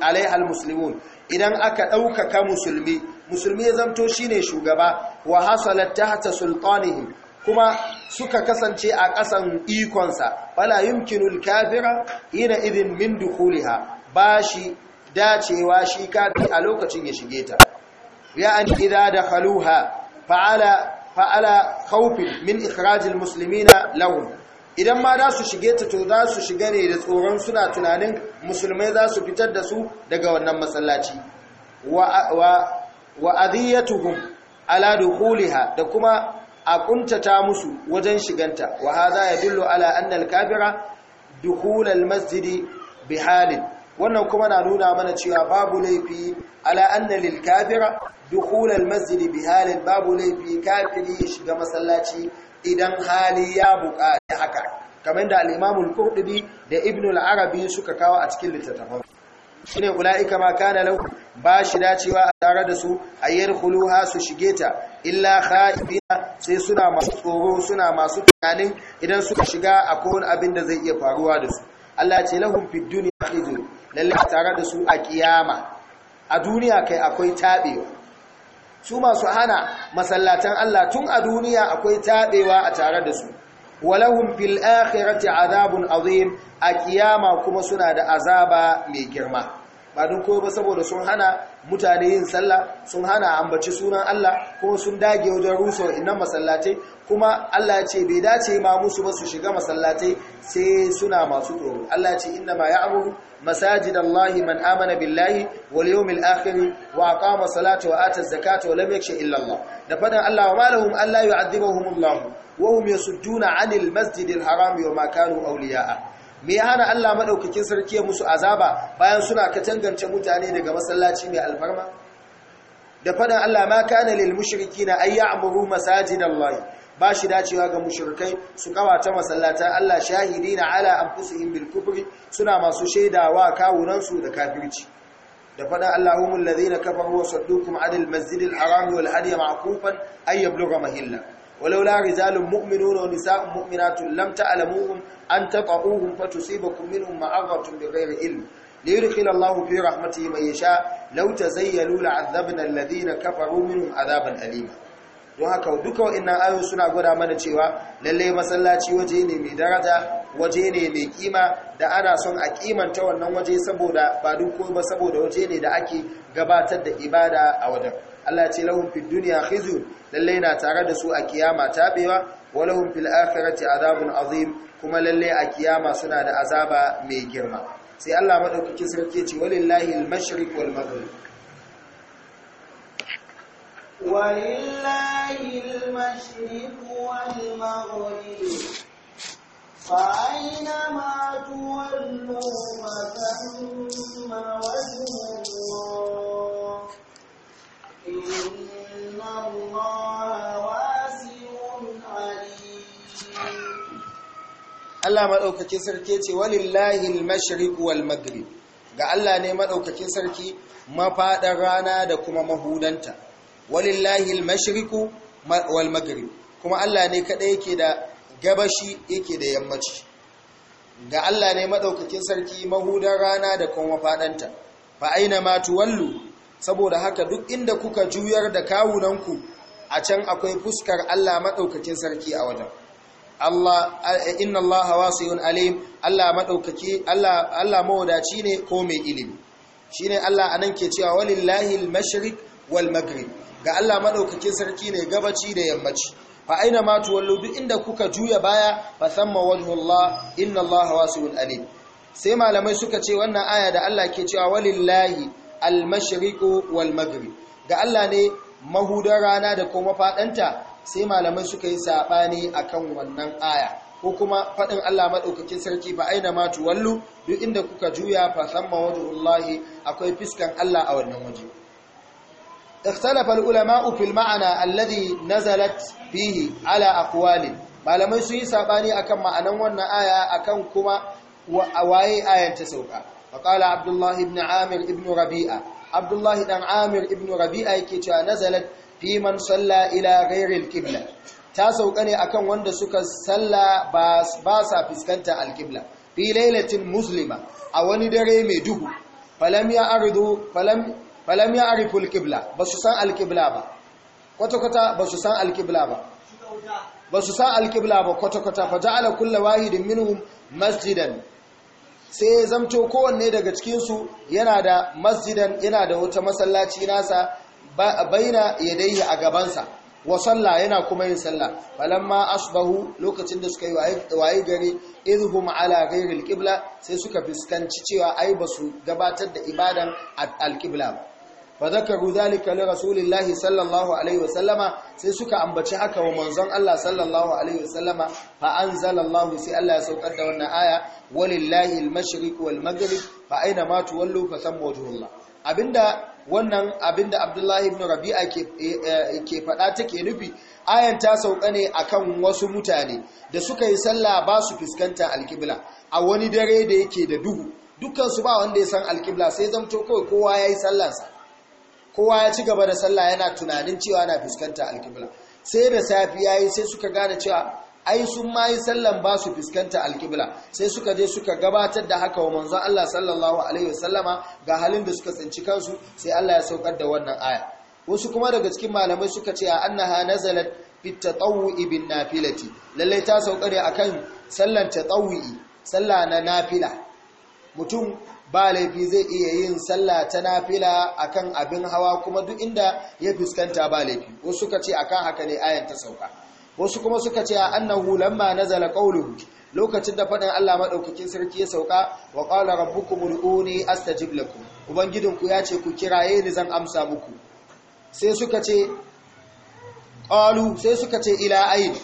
al-muslimun idan aka dauka musulmi musulmi ya zanto shine shugaba wa hasalat tahta sultanihi kuma suka kasance a kasan ikonsa bala yumkinul kafira ina idin min dukuliha ba shi dacewa shi kafi a lokacin ya shige ta an idza dakhaluha fa'ala fa'ala khawfin min musulmi na lahum idan ma za su shige ta to za su shiga ne da tsoron suna tunanin musulmai za su fitar da su daga wannan masallaci wa adhiyatuhum ala dukhuliha da kuma a kuntata musu wajen shiganta wa hadha yadullu ala anna al-kafira dukhul al-masjid bihalin wannan kuma na nuna mana cewa babu laifi ala anna lil kafira dukhul al masjid bihalin babu laifi kafiri shiga masallaci idan hali ya buƙaci haka kamar da al-imam al da ibn al-arabi suka kawo a cikin littattafan shine ulaika ma kana lahu ba shi dacewa a tare da su ayyar khuluha su shige ta illa khaifina sai suna masu tsoro suna masu tunanin idan suka shiga akwai wani abin da zai iya faruwa da su Allah ce lahum fid dunya khizyun lalle tare da su a kiyama a duniya kai akwai tabewa su masu hana masallatan Allah tun a duniya akwai tabewa a tare da su walahum fil akhirati azabun azim a ƙiyama kuma suna da azaba mai girma ba duk koyo ba saboda sun hana mutane yin sallah sun hana ambaci sunan Allah kuma sun dage wajen rusa innan masallatai kuma Allah ya ce bai dace ma musu ba su shiga masallatai sai suna masu tsoro Allah ya ce inna ma ya'muru masajidallahi man amana billahi wal yawmil akhir wa aqama salata wa ata zakata wa lam yakhsha illa Allah da fadan Allah wa malahum alla yu'adhibuhum Allah wa hum yasudduna 'anil masjidil haram wa ma kanu awliya'a me ya hana Allah madaukakin sarki ya musu azaba bayan suna katangance mutane daga masallaci mai alfarma da fadan Allah ma kana lil mushrikina ay ya'muru masajidallahi ba shi dacewa ga mushrikai su kawata masallata Allah shahidina ala anfusihim bil kufri suna masu shaidawa kawunan su da kafirci da fadan Allahumul ladina kafaru wa saddukum anil masjidil haram wal hadiy ma'kufan ay yablugha mahilla walaula rijalun mu'minuna wa nisa'un mu'minatun lam ta'lamuhum an taqa'uhum fatusibakum minhum ma'aratun bighairi ilm liyudkhil Allahu fi rahmatihi man yasha law tazayyalu la'adhabna alladhina kafaru minhum adhaban alima don haka duka wa'annan ayoyi suna gwada mana cewa lallai masallaci waje ne mai daraja waje ne mai ƙima, da ana son a kimanta wannan waje saboda ba duk ba saboda waje ne da ake gabatar da ibada a wajen Allah ce lahum fid dunya khizun lalle na tare da su a kiyama tabewa wa lahum fil akhirati azabun azim kuma lalle a kiyama suna da azaba mai girma sai Allah madaukakin sarki ce walillahi al-mashriq wal maghrib ولله المشرق والمغرب فأينما تولوا فثم وجه الله Allah maɗaukakin sarki ce walin al-mashriq wal maghrib ga Allah ne maɗaukakin sarki mafaɗar rana da kuma mahudanta Walin al-mashriq wal maghrib kuma Allah ne kada yake da gabashi yake da yammaci ga Allah ne maɗaukakin sarki mahudan rana da kuma mafaɗanta fa aina ma saboda haka duk inda kuka juyar da kawunanku a can akwai fuskar Allah maɗaukakin sarki a wajen Allah inna Allah wasiyun alim Allah Allah Allah mawadaci ne ko mai ilimi shine Allah anan ke cewa walillahi al-mashriq wal maghrib ga Allah Madaukakin sarki ne gabaci da yammaci fa aina ma tuwallu duk inda kuka juya baya fa thamma wajhullah inna Allah wasi'un alim sai malamai suka ce wannan aya da Allah ke cewa walillahi al-mashriqu wal maghrib ga Allah ne mahudar rana da kuma fadanta sai malaman suka yi sabani akan wannan aya ko kuma fadin Allah madaukakin sarki ba aina ma tuwallu duk inda kuka juya fa samma wajhullahi akwai fiskan Allah a wannan waje اختلف العلماء في المعنى الذي نزلت فيه على اقوال malamai sun yi sabani akan ma'anan wannan aya akan kuma waye ayan ta sauka فقال عبد الله بن عامر ابن ربيعه عبد الله بن عامر ابن ربيعه كيتا نزلت في من صلى الى غير القبلة تا سوقني akan wanda suka salla basa sa fiskanta alqibla fi laylatin a wani dare mai duhu falam ya arifu alqibla basu san alqibla ba kwata san alqibla ba basu san alqibla ba kwata kwata fa ja'ala kullu wahidin minhum masjidan sai ya zamto kowanne daga cikinsu yana da masjidan yana da wata masallaci nasa baina yadaihi a gabansa wa salla yana kuma yin salla falamma asbahu lokacin da suka yi waye gari idhum ala ghayril qibla sai suka fuskanci cewa ai basu gabatar da ibadan alqibla ba fa zakaru dhalika li rasulillahi sallallahu alaihi wasallama sai suka ambaci haka wa manzon Allah sallallahu alaihi wasallama fa anzalallahu sai Allah ya saukar da wannan aya walillahi al-mashriq wal maghrib fa aina ma tuwallu fa thamma wajhullah abinda wannan abinda Abdullahi ibn Rabi'a ke eh, eh, ke fada take nufi ayan ta sauka ne akan wasu mutane da suka yi sallah ba su fuskanta alkibla a wani dare da yake da duhu dukkan su ba wanda ya san alkibla sai zamto kowa yayi sallarsa kowa ya ci gaba da sallah yana tunanin cewa na fuskanta alkibla sai da safi yayi sai suka gane cewa ai sun ma yi sallan ba su fuskanta alkibla sai suka je suka gabatar da haka wa manzon Allah sallallahu alaihi wasallama ga halin da suka tsinci kansu sai Allah ya saukar da wannan aya wasu kuma daga cikin malamai suka ce a annaha nazalat bit tatawwu'i bin nafilati Lallai ta saukar ne akan sallan tatawwu'i sallah na nafila mutum ba laifi zai iya yin sallah ta nafila akan abin hawa kuma duk inda ya fuskanta ba laifi wasu suka ce akan haka ne ayan ta sauka wasu kuma suka ce annahu lamma nazala qawluhu lokacin da faɗin Allah maɗaukakin sarki ya sauka wa qala rabbukum ud'uni astajib lakum ubangidinku ya ce ku kiraye ni zan amsa muku sai suka ce qalu sai suka ce ila ayin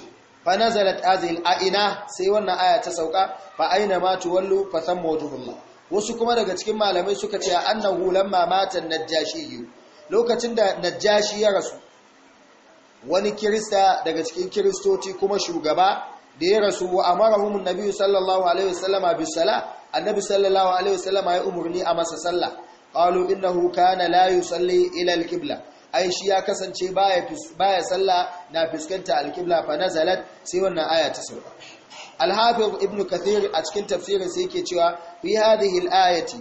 fa nazalat azil aina sai wannan aya ta sauka fa aina ma tuwallu fa thamma wajhullah wasu kuma daga cikin malamai suka ce annahu lamma mata najashi lokacin da najashi ya rasu wani kirista daga cikin kiristoci kuma shugaba da ya rasu wa amarahum annabi sallallahu alaihi wasallama bisala annabi sallallahu alaihi wasallama ya umurni a masa sallah qalu innahu kana la yusalli ila alqibla ai shi ya kasance baya baya sallah na fuskanta alqibla fa nazalat sai wannan aya ta sauka alhafiz ibn kathir a cikin tafsirin sai yake cewa fi hadhihi ayati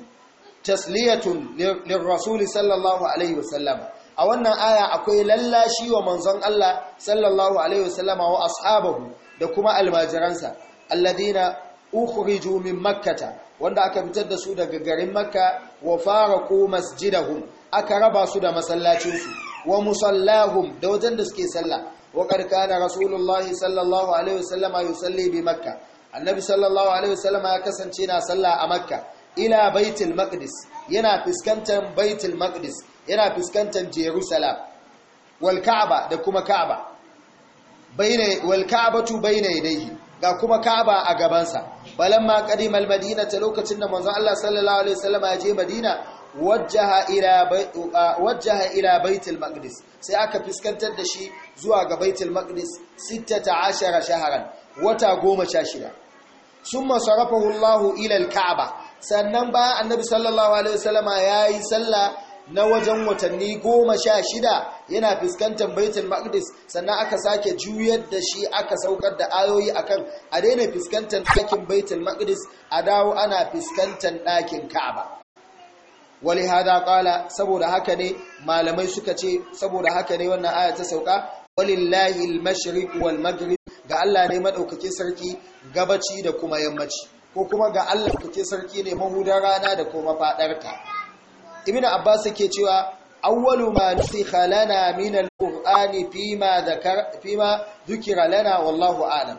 tasliyatun lirrasul sallallahu alaihi wasallam a wannan aya akwai lallashi wa manzon Allah sallallahu alaihi wasallama wa ashabahu da kuma almajiransa alladina ukhriju min makkata wanda aka fitar da su daga garin makka wa faraqu masjidahum aka raba su da masallacinsu wa musallahum da wajen da suke sallah وقد كان رسول الله صلى الله عليه وسلم يصلي بمكة النبي صلى الله عليه وسلم كسنتي نا صلى a Makka ila Baitul Maqdis yana fuskantar Baitul Maqdis yana fuskantar Jerusalem wal Ka'aba da kuma Ka'aba bayne ga kuma Ka'aba a gabansa balamma madina madinata lokacin da manzo. Allah sallallahu alaihi wasallam ya je Madina Uh, wajjaha ila baitul maqdis sai aka fiskantar da shi zuwa ga baitul maqdis 16 shaharan wata 16 summa sarafahu Allah ila al-ka'ba sannan ba annabi sallallahu alaihi wasallama yayi sallah na wajen watanni 16 yana fuskantar baitul maqdis sannan aka sake juyar da shi aka saukar da ayoyi akan a daina fuskantar ɗakin baitul maqdis a dawo ana fuskantar ɗakin ka'aba wali hada kala saboda haka ne malamai suka ce saboda haka ne wannan aya ta sauka walillahi al-mashriq wal maghrib ga Allah ne madaukakin sarki gabaci da kuma yammaci ko kuma ga Allah kake sarki ne mahudar rana da kuma fadarta ibnu abbas yake cewa awwalu ma nusikha lana min al-qur'ani fima dhakar fima dhukira lana wallahu a'lam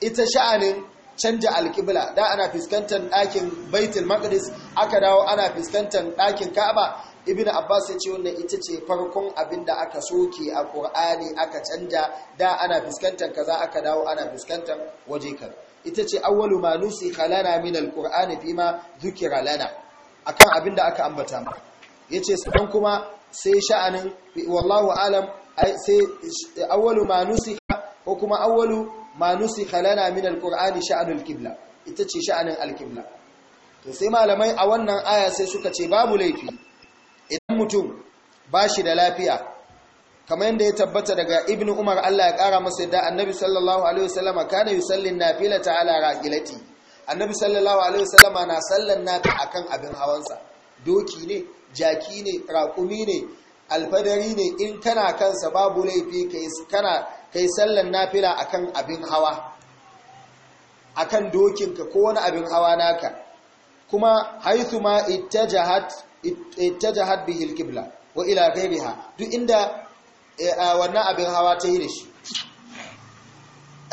ita sha'anin canja alƙibla da ana fuskantar ɗakin baitul maqdis aka dawo ana fuskantar ɗakin ka'aba ibn abbas ya ce wannan ita ce farkon abin da aka soke a ƙur'ani aka canja da ana fuskantar kaza aka dawo ana fuskantar waje ka. ita ce awwalu ma nusi khalana min alqur'ani fima dhukira lana akan abin da aka ambata mu yace sannan kuma sai sha'anin wallahu alam sai awwalu ma nusi ko kuma awwalu ma nusi lana min alqur'ani sha'anul qibla ita ce sha'anin alqibla to sai malamai a wannan aya sai suka ce babu laifi idan mutum bashi da lafiya kamar yadda ya tabbata daga ibn umar Allah ya kara masa da annabi sallallahu alaihi wasallam kana yusalli nafilata ala raqilati annabi sallallahu alaihi wasallama na sallan nafi akan abin hawansa doki ne jaki ne raƙumi ne alfadari ne in kana kansa babu laifi kai kana kai sallan nafila akan abin hawa akan dokinka ko wani abin hawa naka kuma haithu ma ittajahat Bihil bihi alqibla wa ila ghayriha duk inda eh, wannan abin hawa ta yi da shi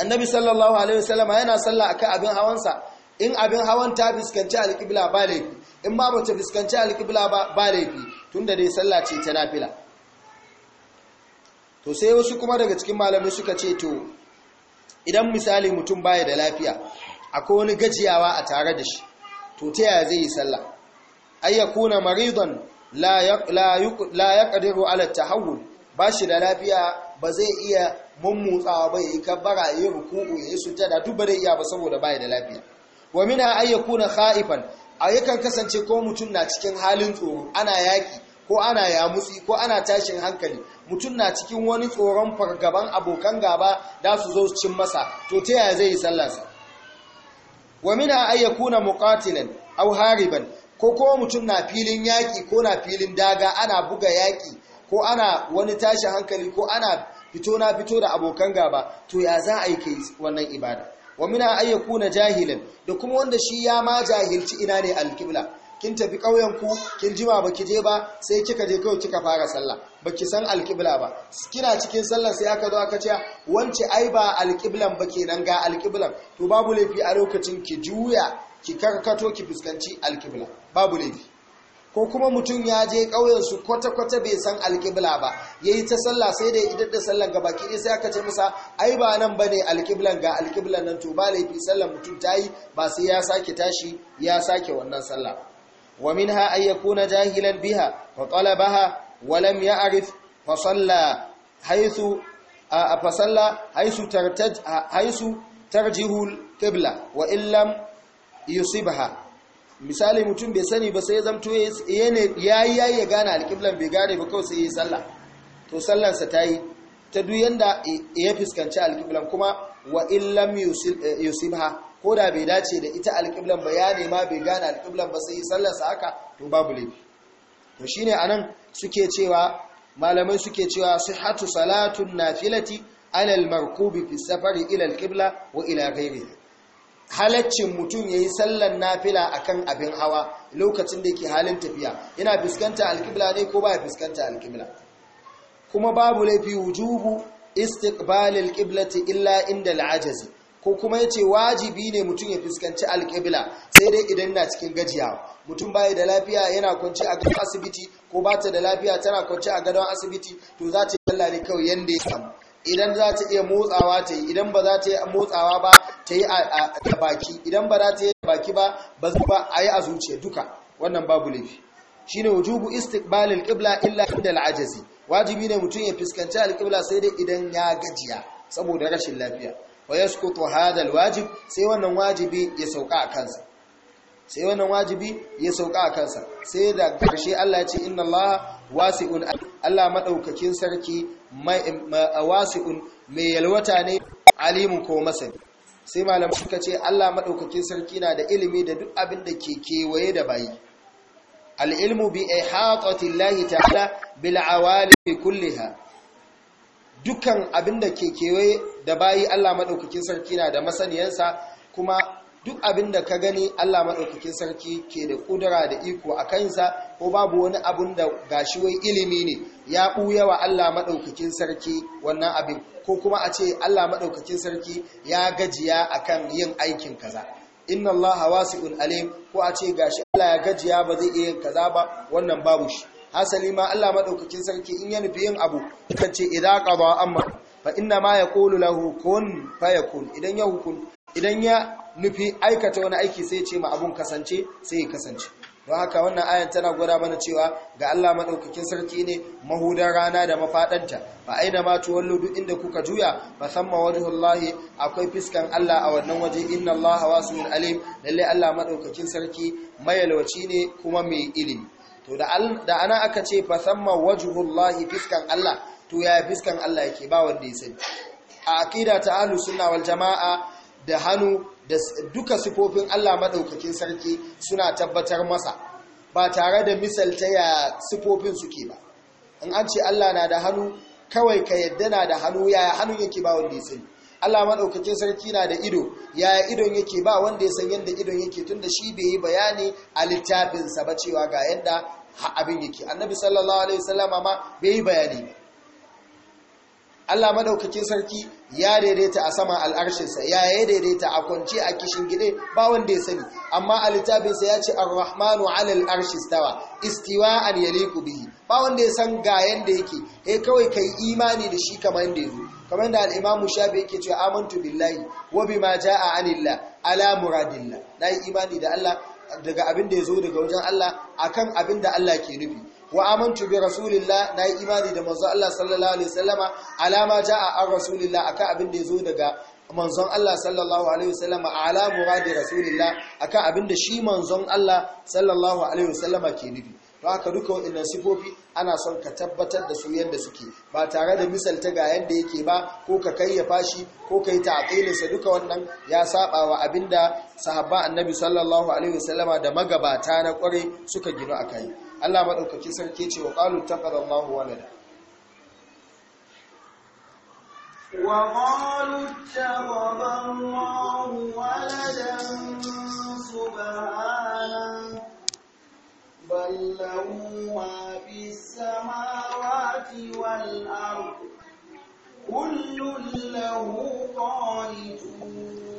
annabi sallallahu alaihi wasallama yana sallah akan abin hawansa in abin hawan ta fuskanci alqibla ba laifi in ma bata fiskanci alqibla ba laifi tunda dai sallah ce ta nafila to sai wasu kuma daga cikin malamai suka ce to idan misali mutum baya da lafiya akwai wani gajiyawa a tare da shi to ta yaya zai yi sallah ay yakuna maridan la la yaqdiru ala tahawul shi da lafiya ba zai iya mummutsawa ba yayi kabbara yayi ruku'u yayi sujada duk ba zai iya ba saboda baya da lafiya wa minha ay yakuna khaifan yakan kasance ko mutum na cikin halin tsoro ana yaki ko ana yamutsi ko ana tashin hankali mutum na cikin wani tsoron fargaban abokan gaba da su zo cin masa to ta yaya zai yi sallarsa wa mina ayyakuna muqatilan aw hariban ko ko mutum na filin yaki ko na filin daga ana buga yaki ko ana wani tashin hankali ko ana fito na fito da abokan gaba to ya za a yi kai wannan ibada wa mina ayyakuna jahilan da kuma wanda shi ya ma jahilci ina ne alqibla kin tafi ƙauyen kin jima ba ki je ba sai kika je kawai kika fara sallah Ba ki san alƙibla ba kina cikin sallah sai aka zo aka ce wance ai ba alƙiblan ba kenan ga alƙiblan to babu laifi a lokacin ki juya ki karkato ki fuskanci alƙibla babu laifi ko kuma mutum ya je ƙauyen su kwata-kwata bai san alƙibla ba yayi ta sallah sai da idan da sallan ga baki sai aka ce masa ai ba nan bane ne alƙiblan ga alƙiblan nan to ba laifi sallan mutum tayi ba sai ya sake tashi ya sake wannan sallah ومنها أن يكون na jahilan biha, ولم يعرف فصلى حيث A حيث ترتج حيث ترجه القبلة وإن لم يصيبها misali mutum bai sani ba sai ya zamto ya yi ya gane alƙiblan bai gane ba sai yi sallah to sallansa ta yi ta duk yadda ya fuskanci alƙiblan kuma wa illam yusibha ko da bai dace da ita alƙiblan ba ya nema bai gane alƙiblan ba sai yi sallarsa haka to babu laifi to shine anan suke cewa malamai suke cewa sihatu salatun nafilati ala al-markubi fi safari ila al-qibla wa ila halaccin mutum yayi sallar nafila akan abin hawa lokacin da yake halin tafiya yana fuskanta al ne ko ba fuskanta al kuma babu laifi wujubu istiqbal al-qiblati illa inda al ko kuma ya ce wajibi ne mutum ya fuskanci alƙibla sai dai idan na cikin gajiya. mutum baya da lafiya yana kwanci a gadon asibiti ko ba ta da lafiya tana kwanci a gadon asibiti to za ta yi sallah ne kawai yanda ya samu idan za ta iya motsawa ta yi idan ba za ta yi motsawa ba ta yi a baki idan ba za ta yi a baki ba ba a yi a zuciya duka wannan babu laifi shine wujubu istiqbalil qibla illa inda la'ajazi. wajibi ne mutum ya fuskanci alqibla sai dai idan ya gajiya saboda rashin lafiya wa yaskutu wajib, alwajib sai wannan wajibi ya sauka a kansa sai wannan wajibi ya sauka a kansa sai da karshe Allah ya ce inna Allah wasi'un Allah madaukakin sarki wasi'un mai yalwata ne alimu ko masani sai malamai suka ce Allah madaukakin sarki na da ilimi da duk abin da ke kewaye da bayi al'ilmu bi ihatati Allah ta'ala bil awali kulliha dukan abin da ke kewaye da bayi Allah maɗaukakin sarki na da masaniyansa kuma duk abin da ka gani Allah maɗaukakin sarki ke da ƙudura da iko a kansa ko babu wani abin da gashi wai ilimi ne ya ɓuya wa Allah maɗaukakin sarki wannan abin ko kuma a ce Allah maɗaukakin sarki ya gajiya akan yin aikin kaza inna Allah wasi'un alim ko a ce gashi Allah ya gajiya ba zai iya yin kaza ba wannan babu shi hasali ma Allah maɗaukakin sarki in ya nufi yin abu kan ce idan ƙaba amma fa inna ma yaqulu lahu kun fayakun idan ya hukun idan ya nufi aikata wani aiki sai ya ce ma abun kasance sai ya kasance don haka wannan ayan tana gwada mana cewa ga Allah madaukakin sarki ne mahudan rana da mafadanta fa aina ma tuwallu duk inda kuka juya fa samma wajhullahi akwai fiskan Allah a wannan waje inna Allaha wasiul alim lalle Allah madaukakin sarki mayalwaci ne kuma mai ilimi to da ana aka ce fa samma wajhullahi fiskan Allah to ya yi fiskan Allah yake ba wanda ya sani a akida ta hannu suna wal jamaa da hannu da duka sifofin Allah maɗaukakin sarki suna tabbatar masa ba tare da misalta ya sifofin suke ba in an ce Allah na da hannu kawai ka yadda na da hannu yaya hannun yake ba wanda ya sani Allah maɗaukakin sarki na da ido yaya idon yake ba wanda ya san yadda idon tun da shi bai yi bayani a littafinsa ba cewa ga yadda abin yake annabi sallallahu alaihi wasallama ma bai yi bayani ba Allah madaukakin sarki ya daidaita a saman al'arshinsa ya ya daidaita a kwance a kishin gide ba wanda ya sani amma a littafinsa ya ce ar-rahmanu alal arshis tawa istiwa'an yaliku bihi ba wanda ya san ga yanda yake eh kawai kai imani da shi kamar yanda yazo kamar yanda al-imamu shafi yake cewa amantu billahi wa bima jaa anilla ala muradillah nayi imani da Allah daga abin da yazo daga wajen Allah akan abin da Allah ke nufi wa amantu bi rasulillah na yi imani da manzon Allah sallallahu alaihi wasallama alama jaa an rasulillah akan abin da yazo daga manzon Allah sallallahu alaihi wasallama ala muradi rasulillah akan abin da shi manzon Allah sallallahu alaihi wasallama ke nufi to haka duka waɗannan sifofi ana son ka tabbatar da su yanda suke ba tare da misalta ga yadda yake ba ko ka kayyafa shi ko ka yi sa duka wannan ya saba wa abinda sahabba annabi sallallahu alaihi wasallama da magabata na kware suka gino akai Allah maɗaukaki sarki ce wa ƙalu taƙarar Allahu walada. Wa ƙalu taƙarar Allahu waladan subhanan ballahu ma fi samawati wal ardu kullun lahu qanitun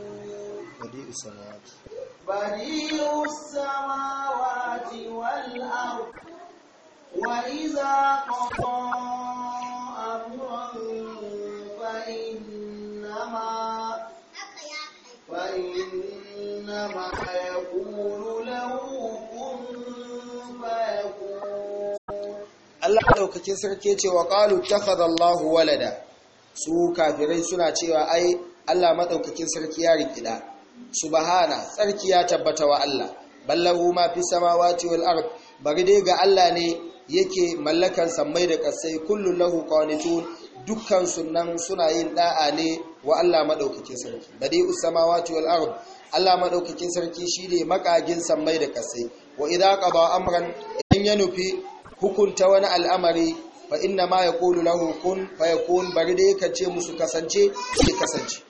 بديع السماوات بديع السماوات والأرض وإذا قضى أمرا فإنما فإنما يقول له كن فيكون Allah ɗaukakin sarki ce wa ƙalu takhadha Allahu walada su kafirai suna cewa ai Allah maɗaukakin sarki ya rikida subhana tsarki ya tabbata wa Allah ballahu ma fi samawati wal ard bari dai ga Allah ne yake mallakan sammai da kasai kullu lahu qanitun dukkan sunan suna yin da'a ne wa Allah madaukakin sarki us samawati wal ard Allah madaukakin sarki shine makagin sammai da kasai wa idza qada amran in ya nufi hukunta wani al'amari fa inna ma yaqulu lahu kun yakun bari dai ce musu kasance ki kasance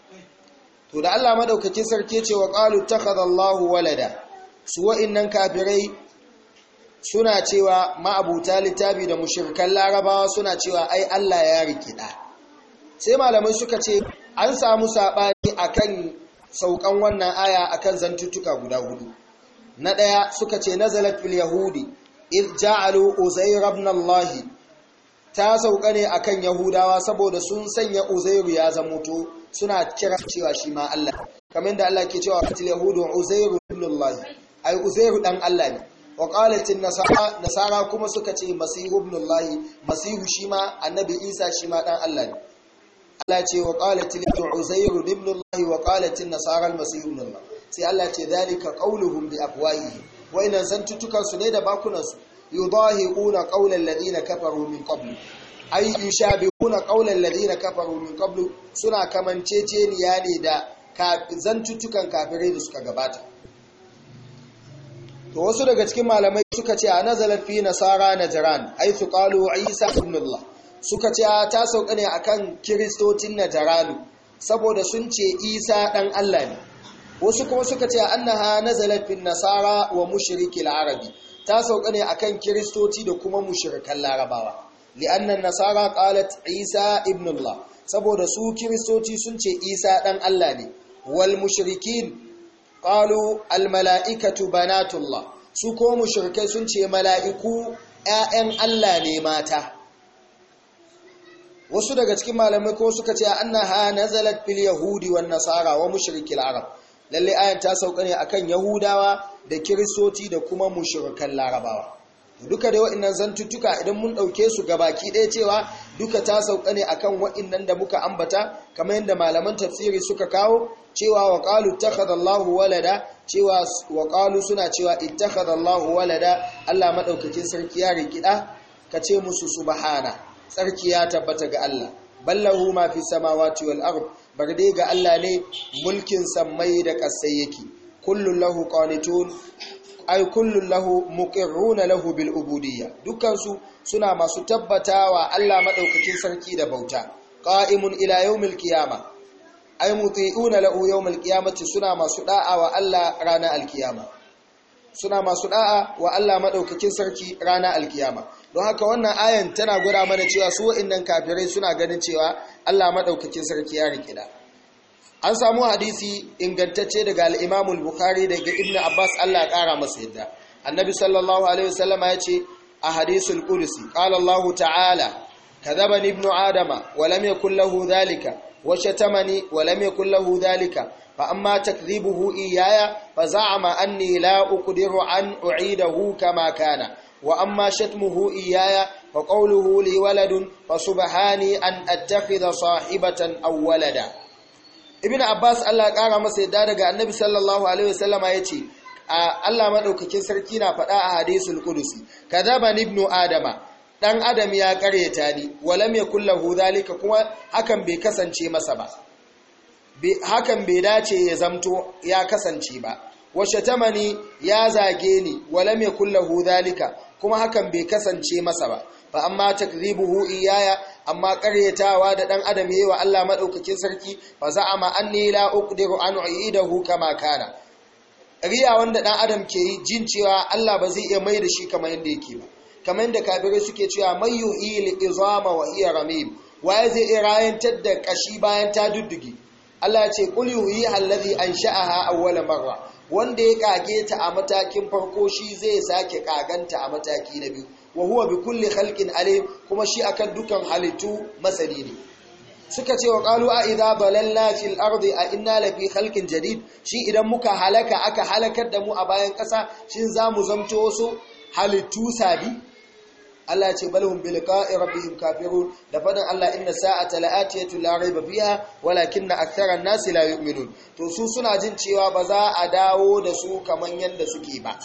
to da Allah madaukakin sarki ce wa qalu takhadallahu walada su wa'innan kafirai suna cewa ma'abuta littafi da mushrikan larabawa suna cewa ai Allah ya rikiɗa. sai malamai suka ce an samu sabani akan saukan wannan aya akan zantuttuka guda hudu na daya suka ce nazalat fil yahudi id ja'alu uzair ibn ta sauka ne akan yahudawa saboda sun sanya uzairu ya to. suna kira cewa shi ma Allah kamar da Allah ke cewa fatil yahudu uzairu ibnullah ai uzairu dan Allah ne wa qalatin nasara nasara kuma suka ce masihu ibnullah masihu shi ma annabi isa shi ma dan Allah ne Allah ce wa qalatil uzairu ibnullah wa qalatin nasara almasihu ibnullah sai Allah ce dalika qauluhum bi afwahihim wa inan zantutukan su ne da bakunan su yudahiquna qawla alladhina kafaru min qabl ay yushabi kuna ƙaunar ladina kafaru min qablu suna kamanceceniya ne da zantuttukan kafirai da suka gabata to wasu daga cikin malamai suka ce a nazalar fi nasara najaran aitu qalu isa ibn suka ce a ta sauƙa ne a kan kiristocin jiranu saboda sun ce isa ɗan allah ne wasu kuma suka ce annaha nazalat fi nasara wa mushirikin Larabi ta sauƙa ne a kan kiristoci da kuma Mushirikan larabawa li'annan nasara qalat isa Ibnullah saboda su kiristoci sun ce isa dan Allah ne Walmushirikin ƙalu qalu al banatullah su ko mushirikai sun ce mala'iku ‘ya'yan Allah ne mata. Wasu daga cikin malamai ko suka ce, An ha nazalat fil Yahudi wa Nasara wa mushrikil Arab, lalle ayan ta sauka ne akan Yahudawa da Kiristoci da kuma mushrikan Larabawa. duka da wa'innan zantuttuka idan mun ɗauke su ga baki ɗaya cewa duka ta sauka ne akan waɗannan da muka ambata kamar yadda malaman tafsiri suka kawo cewa wa qalu takhadallahu walada cewa wa suna cewa ittakhadallahu walada Allah madaukakin sarki ya rikida kace musu subhana sarki ya tabbata ga Allah ballahu ma fi samawati wal ard barde ga Allah ne mulkin sammai da kasai yake kullu lahu qanitun ay kullun lahu muqiruna lahu bil ubudiyya dukkan su suna masu tabbatawa Allah madaukakin sarki da bauta qa'imun ila yawmil qiyama ay muti'una lahu yawmil qiyamati suna masu da'a wa Allah rana alkiyama suna masu da'a wa Allah madaukakin sarki rana alkiyama don haka wannan ayan tana gura mana cewa su wa'annan kafirai suna ganin cewa Allah madaukakin sarki ya rikida an samu hadisi ingantacce daga al'imamul bukhari daga ibn abbas allah ya ƙara masa yadda annabi sallallahu alaihi wasallama ya ce a hadisul ƙudusi ƙala allah ta'ala ni ibnu adama wa lam yakul lahu dhalika wa shatamani wa lam yakul lahu dhalika fa amma takdhibuhu iyaya fa za'ama anni la uqdiru an u'idahu kama kana wa amma shatmuhu iyaya fa qawluhu li waladun fa subhani an attakhidha sahibatan aw walada ibn abbas allah ya kara masa yadda daga annabi sallallahu alaihi wasallama ya ce allah maɗaukakin sarki na faɗa a hadisul kudusi ni ibnu adama ɗan adam ya karyata ni walam ya kulla zalika kuma hakan bai kasance masa ba hakan bai dace ya zamto ya kasance ba washe tamani ya zage ni walam ya kulla zalika kuma hakan bai kasance masa ba Ba amma takdhibuhu iyaya amma karyatawa da ɗan adam yi wa Allah madaukakin sarki fa ma anni la uqdiru an u'idahu kama kana riya wanda ɗan adam ke yi jin cewa Allah ba zai iya mai da shi kamar yadda yake ba kamar yadda kafirai suke cewa may yu'il izama wa hiya ramim waye zai iya rayantar da kashi bayan ta duddugi Allah ya ce qul yuhi allazi ansha'aha awwala marra wanda ya kage ta a matakin farko shi zai sake kaganta a mataki na biyu wa huwa bi kulli khalqin alim kuma shi akan dukan halittu masani ne suka ce wa qalu a idza dalalna fil ardi a inna la fi khalqin jadid shi idan muka halaka aka halakar da mu a bayan kasa shin zamu zamto wasu halittu sabi Allah ce balhum bi liqa'i rabbihim kafirun da faɗin Allah inna sa'ata la'atiyatu la rayba fiha walakinna akthara an-nasi la yu'minun to su suna jin cewa ba za a dawo da su kaman yanda suke ba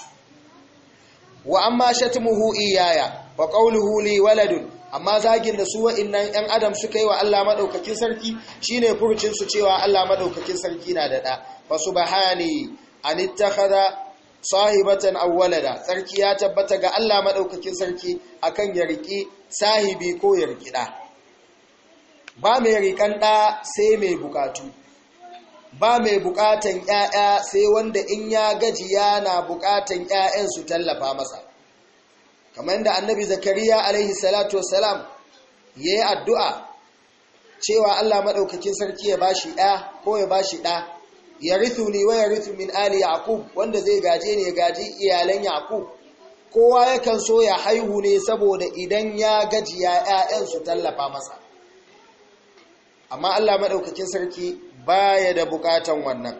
wa amma shatmuhu iyaya wa qawluhu li waladun amma zagin da su wa'annan yan adam suka yi wa Allah madaukakin sarki shine furucin su cewa Allah madaukakin sarki na da da fa subhani an ittakhadha sahibatan aw walada sarki ya tabbata ga Allah madaukakin sarki akan ya riki sahibi ko ya riki da ba mai rikan da sai mai bukatu ba mai bukatan ‘ya'ya sai wanda in ya gajiya na bukatan ‘ya'yan su tallafa masa kamar da annabi zakariya alaihi salatu wasalam ya yi addu'a cewa Allah maɗaukakin sarki ya bashi ɗa ko ya bashi ɗa ya rithu ni wa ya min ali yaqub wanda zai gaje ne ya gaji iyalan yaqub kowa yakan so ya haihu ne saboda idan ya gaji ya su tallafa masa amma Allah maɗaukakin sarki baya da bukatan wannan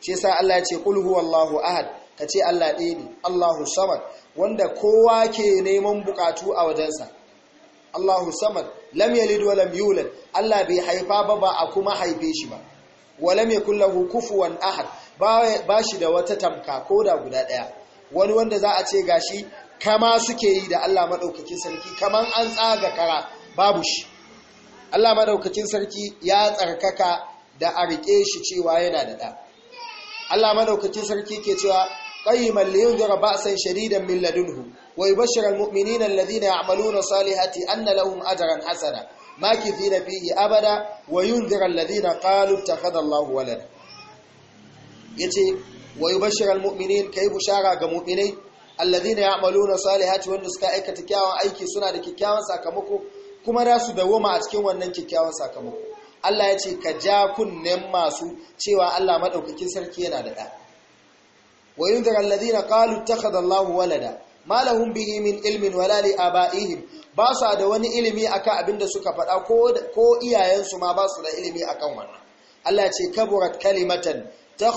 shi yasa Allah ya ce kul huwallahu ahad kace Allah ɗaya ne Allahu samad wanda kowa ke neman bukatu a wajensa Allahu samad lam yalid wa lam yulad Allah bai haifa ba ba a kuma haife shi ba wa lam yakul lahu kufuwan ahad ba shi da wata tamka ko da guda daya wani wanda za a ce gashi kama suke yi da Allah madaukakin sarki kaman an tsaga kara babu shi Allah madaukakin sarki ya tsarkaka da a riƙe shi cewa yana da ɗa Allah madaukakin sarki ke cewa qayyiman li yunzira ba'san shadidan min ladunhu wa yubashshira almu'minina alladhina ya'maluna salihati anna lahum ajran hasana makithina fihi abada wa yunzira alladhina qalu ittakhadha Allahu walada yace wa yubashshira almu'minin kai bushara ga mu'minai alladhina ya'maluna salihati wanda suka aikata kyawun aiki suna da kyakkyawan sakamako kuma za su dawoma a cikin wannan kyakkyawan sakamako Allah ya ce ka ja kunnen masu cewa Allah maɗaukakin sarki yana da ɗa wa yin zarar lazina ƙalu ta kazallahu walada malahun bihi min ilmin walali a ba'ihim ba su da wani ilimi akan abin da suka faɗa ko iyayensu ma ba su da ilimi akan wannan Allah ce kaburat kalimatan ta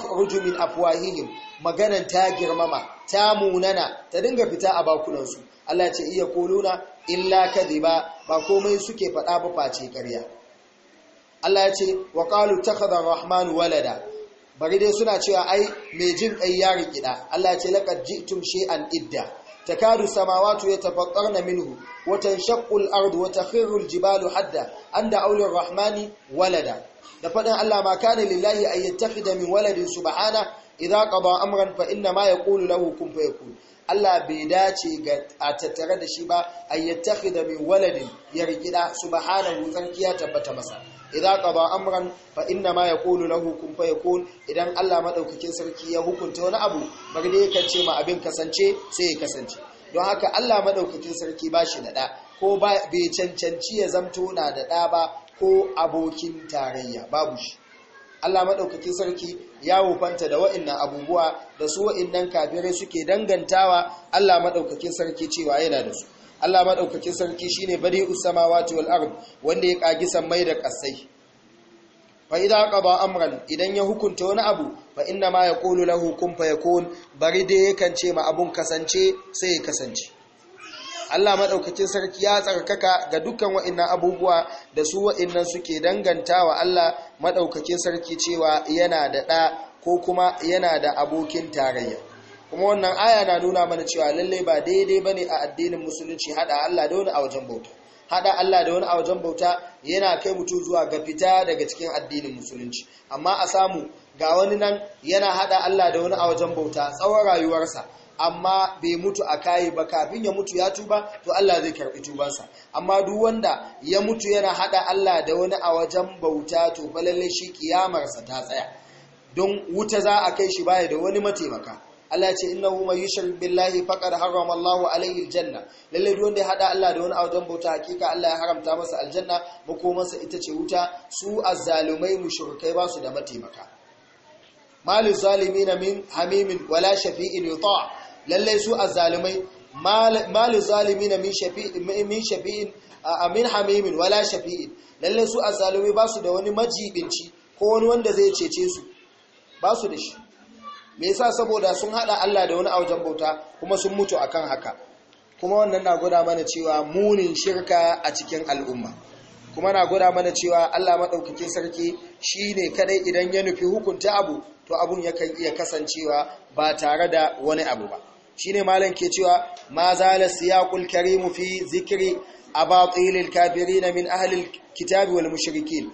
min afwahihim maganan ta girmama ta munana ta dinga fita a bakunansu Allah ce iya koluna illa kadiba ba komai suke faɗa ba face ƙarya Allah ya ce wa qalu takhadha rahmanu walada bari dai suna cewa ai mai jin kai ya rikida Allah ya ce laqad ji'tum shay'an idda takadu samawati yatafattarna minhu wa tanshaqqu al-ardu wa takhiru al-jibalu hadda anda awli rahmani walada da faɗin Allah ma kana lillahi ay yattakhidha min waladin subhana idza qada amran fa inna ma yaqulu lahu kun fayakun Allah bai dace ga a tattare da shi ba ay yattakhidha min waladin ya rikida subhanahu zarkiya tabbata masa idza qada amran fa inna ma yaqulu lahu kun fayakun idan Allah madaukakin sarki ya hukunta wani abu bar dai ka ce ma abin kasance sai ya kasance don haka Allah madaukakin sarki bashi shi da ba bai cancanci ya zamto na da ɗa ba ko abokin tarayya babu shi Allah madaukakin sarki ya wufanta da wa'annan abubuwa da su wa'annan kafirai suke dangantawa Allah madaukakin sarki cewa yana da su Allah maɗaukakin sarki shine bari samawati wal ard wanda ya kagi sammai da ƙasai. fa idza ba amran idan ya hukunta wani abu fa inna ma ya yaqulu lahu kun fayakun bari dai yakan ce ma abun kasance sai ya kasance Allah maɗaukakin sarki ya tsarkaka ga dukkan wainna abubuwa da su wa'innan suke dangantawa Allah maɗaukakin sarki cewa yana da ɗa ko kuma yana da abokin tarayya kuma wannan aya na nuna mana cewa lallai ba daidai bane a addinin musulunci hada Allah da wani a wajen bauta hada Allah da wani a wajen bauta yana kai mutum zuwa ga fita daga cikin addinin musulunci amma a samu ga wani nan yana hada Allah da wani a wajen bauta tsawon rayuwarsa amma bai mutu a kayi ba kafin ya mutu ya tuba to Allah zai karbi tubansa amma duk wanda ya mutu yana hada Allah da wani a wajen bauta to fa lalle shi kiyamarsa ta tsaya don wuta za a kai shi baya da wani mataimaka Allah ce innahu may yushrik billahi faqad harrama Allahu alayhi aljanna lalle duk wanda ya hada Allah da wani a wajen bauta hakika Allah ya haramta masa aljanna makomansa ita ce wuta su azzalumai mushrikai ba su da mataimaka malu zalimin min hamimin wala shafi'in yuta lalle su azzalumai malu zalimin min shafi'in min shafi'in amin hamimin wala shafi'in lalle su azzalumai ba su da wani majibinci ko wani wanda zai cece su ba su da shi me yasa saboda sun hada Allah da wani a bauta kuma sun mutu akan haka kuma wannan na gwada mana cewa munin shirka a cikin al'umma kuma na gwada mana cewa Allah madaukakin sarki shi ne kadai idan ya nufi hukunta abu to abun ya kan iya kasancewa ba tare da wani abu ba shi ne malam ke cewa ma zala siyaqul karim fi zikri kafiri kafirin min ahli kitabi wal mushrikin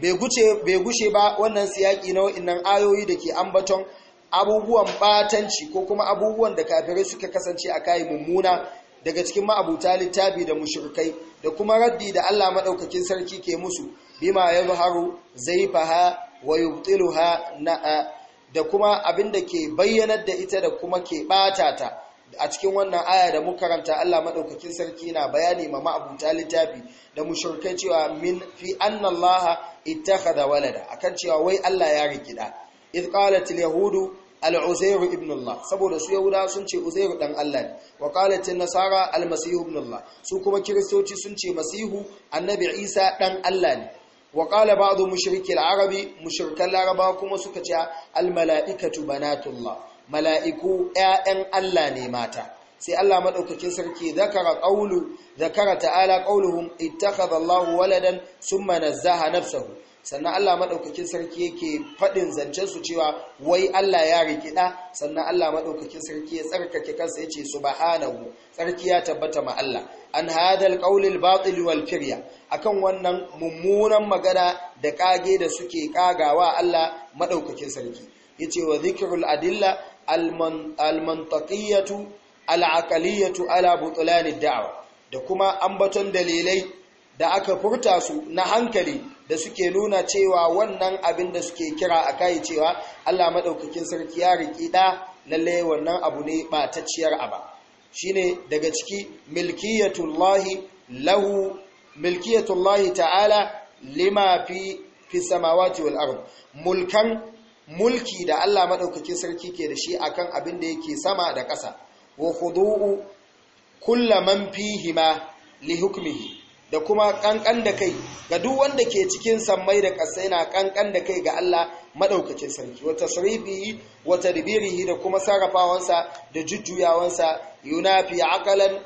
bai guce gushe ba wannan siyaki na wa'annan ayoyi da ke ambaton abubuwan batanci ko kuma abubuwan da kafirai suka kasance a kayi mummuna daga cikin ma'abuta littafi da mushrikai da kuma raddi da Allah maɗaukakin sarki ke musu bima yazharu zaifaha wa yubtiluha na'a da kuma abin da ke bayyanar da ita da kuma ke bata ta a cikin wannan aya da muka karanta Allah maɗaukakin sarki na bayani ma ma'abuta littafi da mushrikai cewa min fi anna Allah ittakhadha walada akan cewa wai Allah ya rikida idh qalat al-yahudu al-uzayr saboda su yahuda sun ce Uzairu dan Allah ne wa qalat an-nasara al-masih ibn Allah su kuma kiristoci sun ce masihu annabi Isa dan Allah ne wa qala ba'd mushriki al-arabi mushrikan laraba kuma suka ce al-mala'ikatu banatullah mala'iku ƴaƴan Allah ne mata sai Allah madaukakin sarki zakara qawlu zakara ta'ala qawluhum ittakhadha Allahu waladan thumma nazzaha nafsahu sannan Allah maɗaukakin sarki yake faɗin su cewa wai Allah ya rikida sannan Allah maɗaukakin sarki ya tsarkake kansa yace subhanahu sarki ya tabbata ma Allah an hadal ƙaunin batil wal a kan wannan mummunan magana da ƙage da suke ƙagawa. Allah maɗaukakin sarki ya ce wa zikirul adilla al al'akaliyyatu ala butulani da'awa da kuma ambaton dalilai da aka furta su na hankali da suke nuna cewa wannan abin da suke kira a kai cewa Allah maɗaukakin sarki ya riƙi ɗa lalle wannan abu ne ba ta ciyar ba shi shine daga ciki milkiyatun lahi ta'ala lima fi fi samawati wal ard mulkan mulki da Allah maɗaukakin sarki ke da shi akan abin da yake sama da ƙasa wa man fi hima li hukmihi da kuma ƙanƙan da kai ga duk wanda ke cikin sammai da ƙasa yana ƙanƙan da kai ga Allah madaukakin sarki wa tasrifihi wa tadbirihi da kuma sarrafawansa da jujjuyawansa yunafi aqalan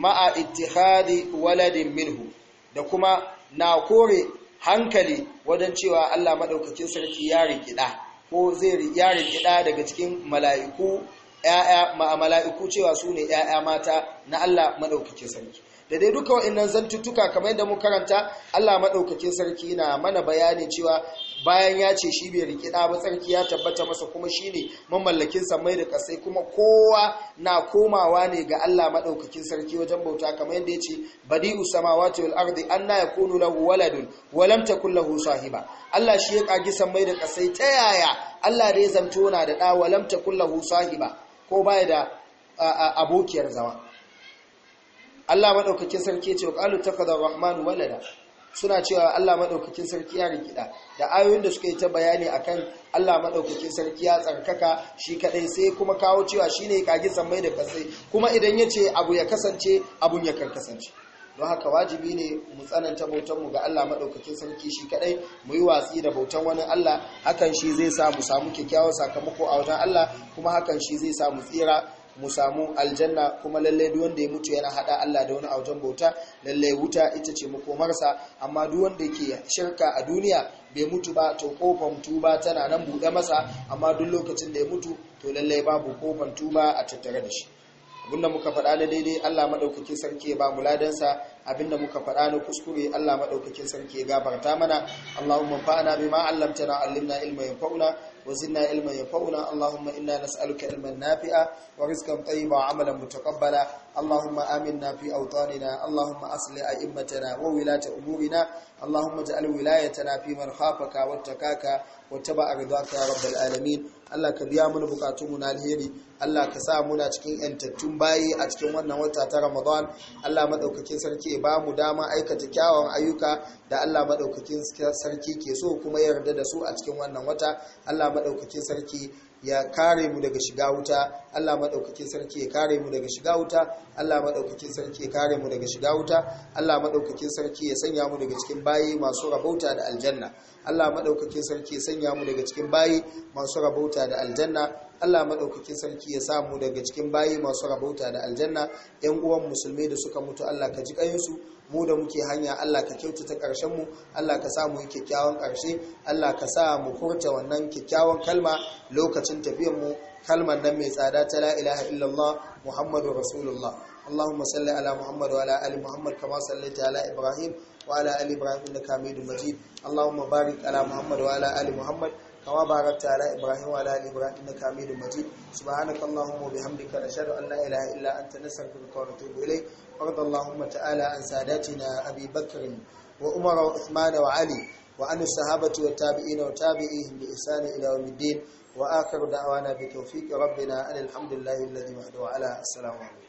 ma'a ittihadi waladin minhu da kuma na kore hankali wajen cewa Allah madaukakin sarki ya rikida ko zai ya rikida daga cikin mala'iku ƴaƴa ma'a mala'iku cewa sune ne ƴaƴa mata na Allah madaukakin sarki da dai duka wa'annan zantuttuka kamar yadda mu karanta Allah maɗaukakin sarki na mana bayani cewa bayan ya ce shi bai riƙe ɗa ba tsarki ya tabbata masa kuma shi ne mamallakin samai da ƙasai kuma kowa na komawa ne ga Allah maɗaukakin sarki wajen bauta kamar yadda ya ce badi usamawati wal ardi anna yakunu lahu waladun wa sahiba Allah shi ya ƙagi samai da ƙasai ta yaya Allah da ya zamto na da ɗa Walamta, lam sahiba ko baya da abokiyar zama Allah madaukakin sarki yace qalu taqada rahmanu walada suna cewa Allah madaukakin sarki ya rikida da ayoyin da suka yi ta bayani akan Allah madaukakin sarki ya tsarkaka shi kadai sai kuma kawo cewa shine ya mai sammai da kasai kuma idan yace abu ya kasance abun ya karkasance don haka wajibi ne mu tsananta mu ga Allah maɗaukakin sarki shi kaɗai mu yi watsi da bautan wani Allah hakan shi zai sa mu samu kyakkyawar sakamako a wajen Allah kuma hakan shi zai sa mu tsira mu samu aljanna kuma lalle duk wanda ya mutu yana hada Allah da wani aujan bauta lalle wuta ita ce mu komarsa amma duk wanda yake shirka a duniya bai mutu ba to kofan tuba tana nan bude masa amma duk lokacin da ya mutu to lalle babu kofan tuba a tattare da shi abinda muka faɗa na daidai Allah maɗaukakin sarki ya ba mu abin da muka faɗa na kuskure Allah madaukakin sarki ya gabarta mana Allahumma fa'ana bima 'allamtana 'allimna ilma yanfa'una وزدنا علما ينفعنا اللهم إنا نسألك علما نافعا ورزقا طيبا وعملا متقبلا اللهم آمنا في أوطاننا اللهم أصل أئمتنا وولاة أمورنا اللهم اجعل ولايتنا في من خافك واتقاك واتبع رضاك يا رب العالمين Allah ka biya mana bukatunmu na alheri Allah ka sa muna cikin yantattun bayi a cikin wannan wata ta Ramadan Allah madaukakin sarki ba mu dama aikata kyawawan ayyuka da Allah madaukakin sarki ke so kuma yarda da su a cikin wannan wata Allah madaukakin sarki ya kare mu daga shiga wuta Allah madaukakin sarki ya kare mu daga shiga wuta Allah madaukakin sarki ya kare mu daga shiga wuta Allah madaukakin sarki ya sanya mu daga cikin bayi masu rabauta da aljanna Allah madaukakin sarki ya sanya mu daga cikin bayi masu rabauta da aljanna Allah maɗaukakin sarki ya sa mu daga cikin bayi masu rabauta da aljanna ‘yan uwan musulmi da suka mutu Allah ka ji kayansu mu da muke hanya Allah ka kyautata ƙarshen mu Allah ka sa mu kyakkyawan ƙarshe Allah ka sa mu furta wannan kyakkyawan kalma lokacin tafiyar mu kalmar nan mai tsada ta la ilaha illallah muhammadu rasulullah اللهم صل على محمد وعلى ال محمد كما صليت على ابراهيم وعلى ال ابراهيم انك حميد مجيد اللهم بارك على محمد وعلى ال محمد kawa barata ala ibrahim wa ala ali ibrahim innaka hamidu majid subhanaka allahumma wa bihamdika nashhadu an la ilaha illa anta nastaghfiruka wa natubu ilayk wa allahumma ta'ala an sadatina abi bakr wa umar wa uthman wa ali wa an sahabati wa tabi'ina wa tabi'ihim bi ihsan ila yawm wa akhiru da'wana bi tawfiq rabbina alhamdulillahi alladhi wahdahu ala assalamu alaykum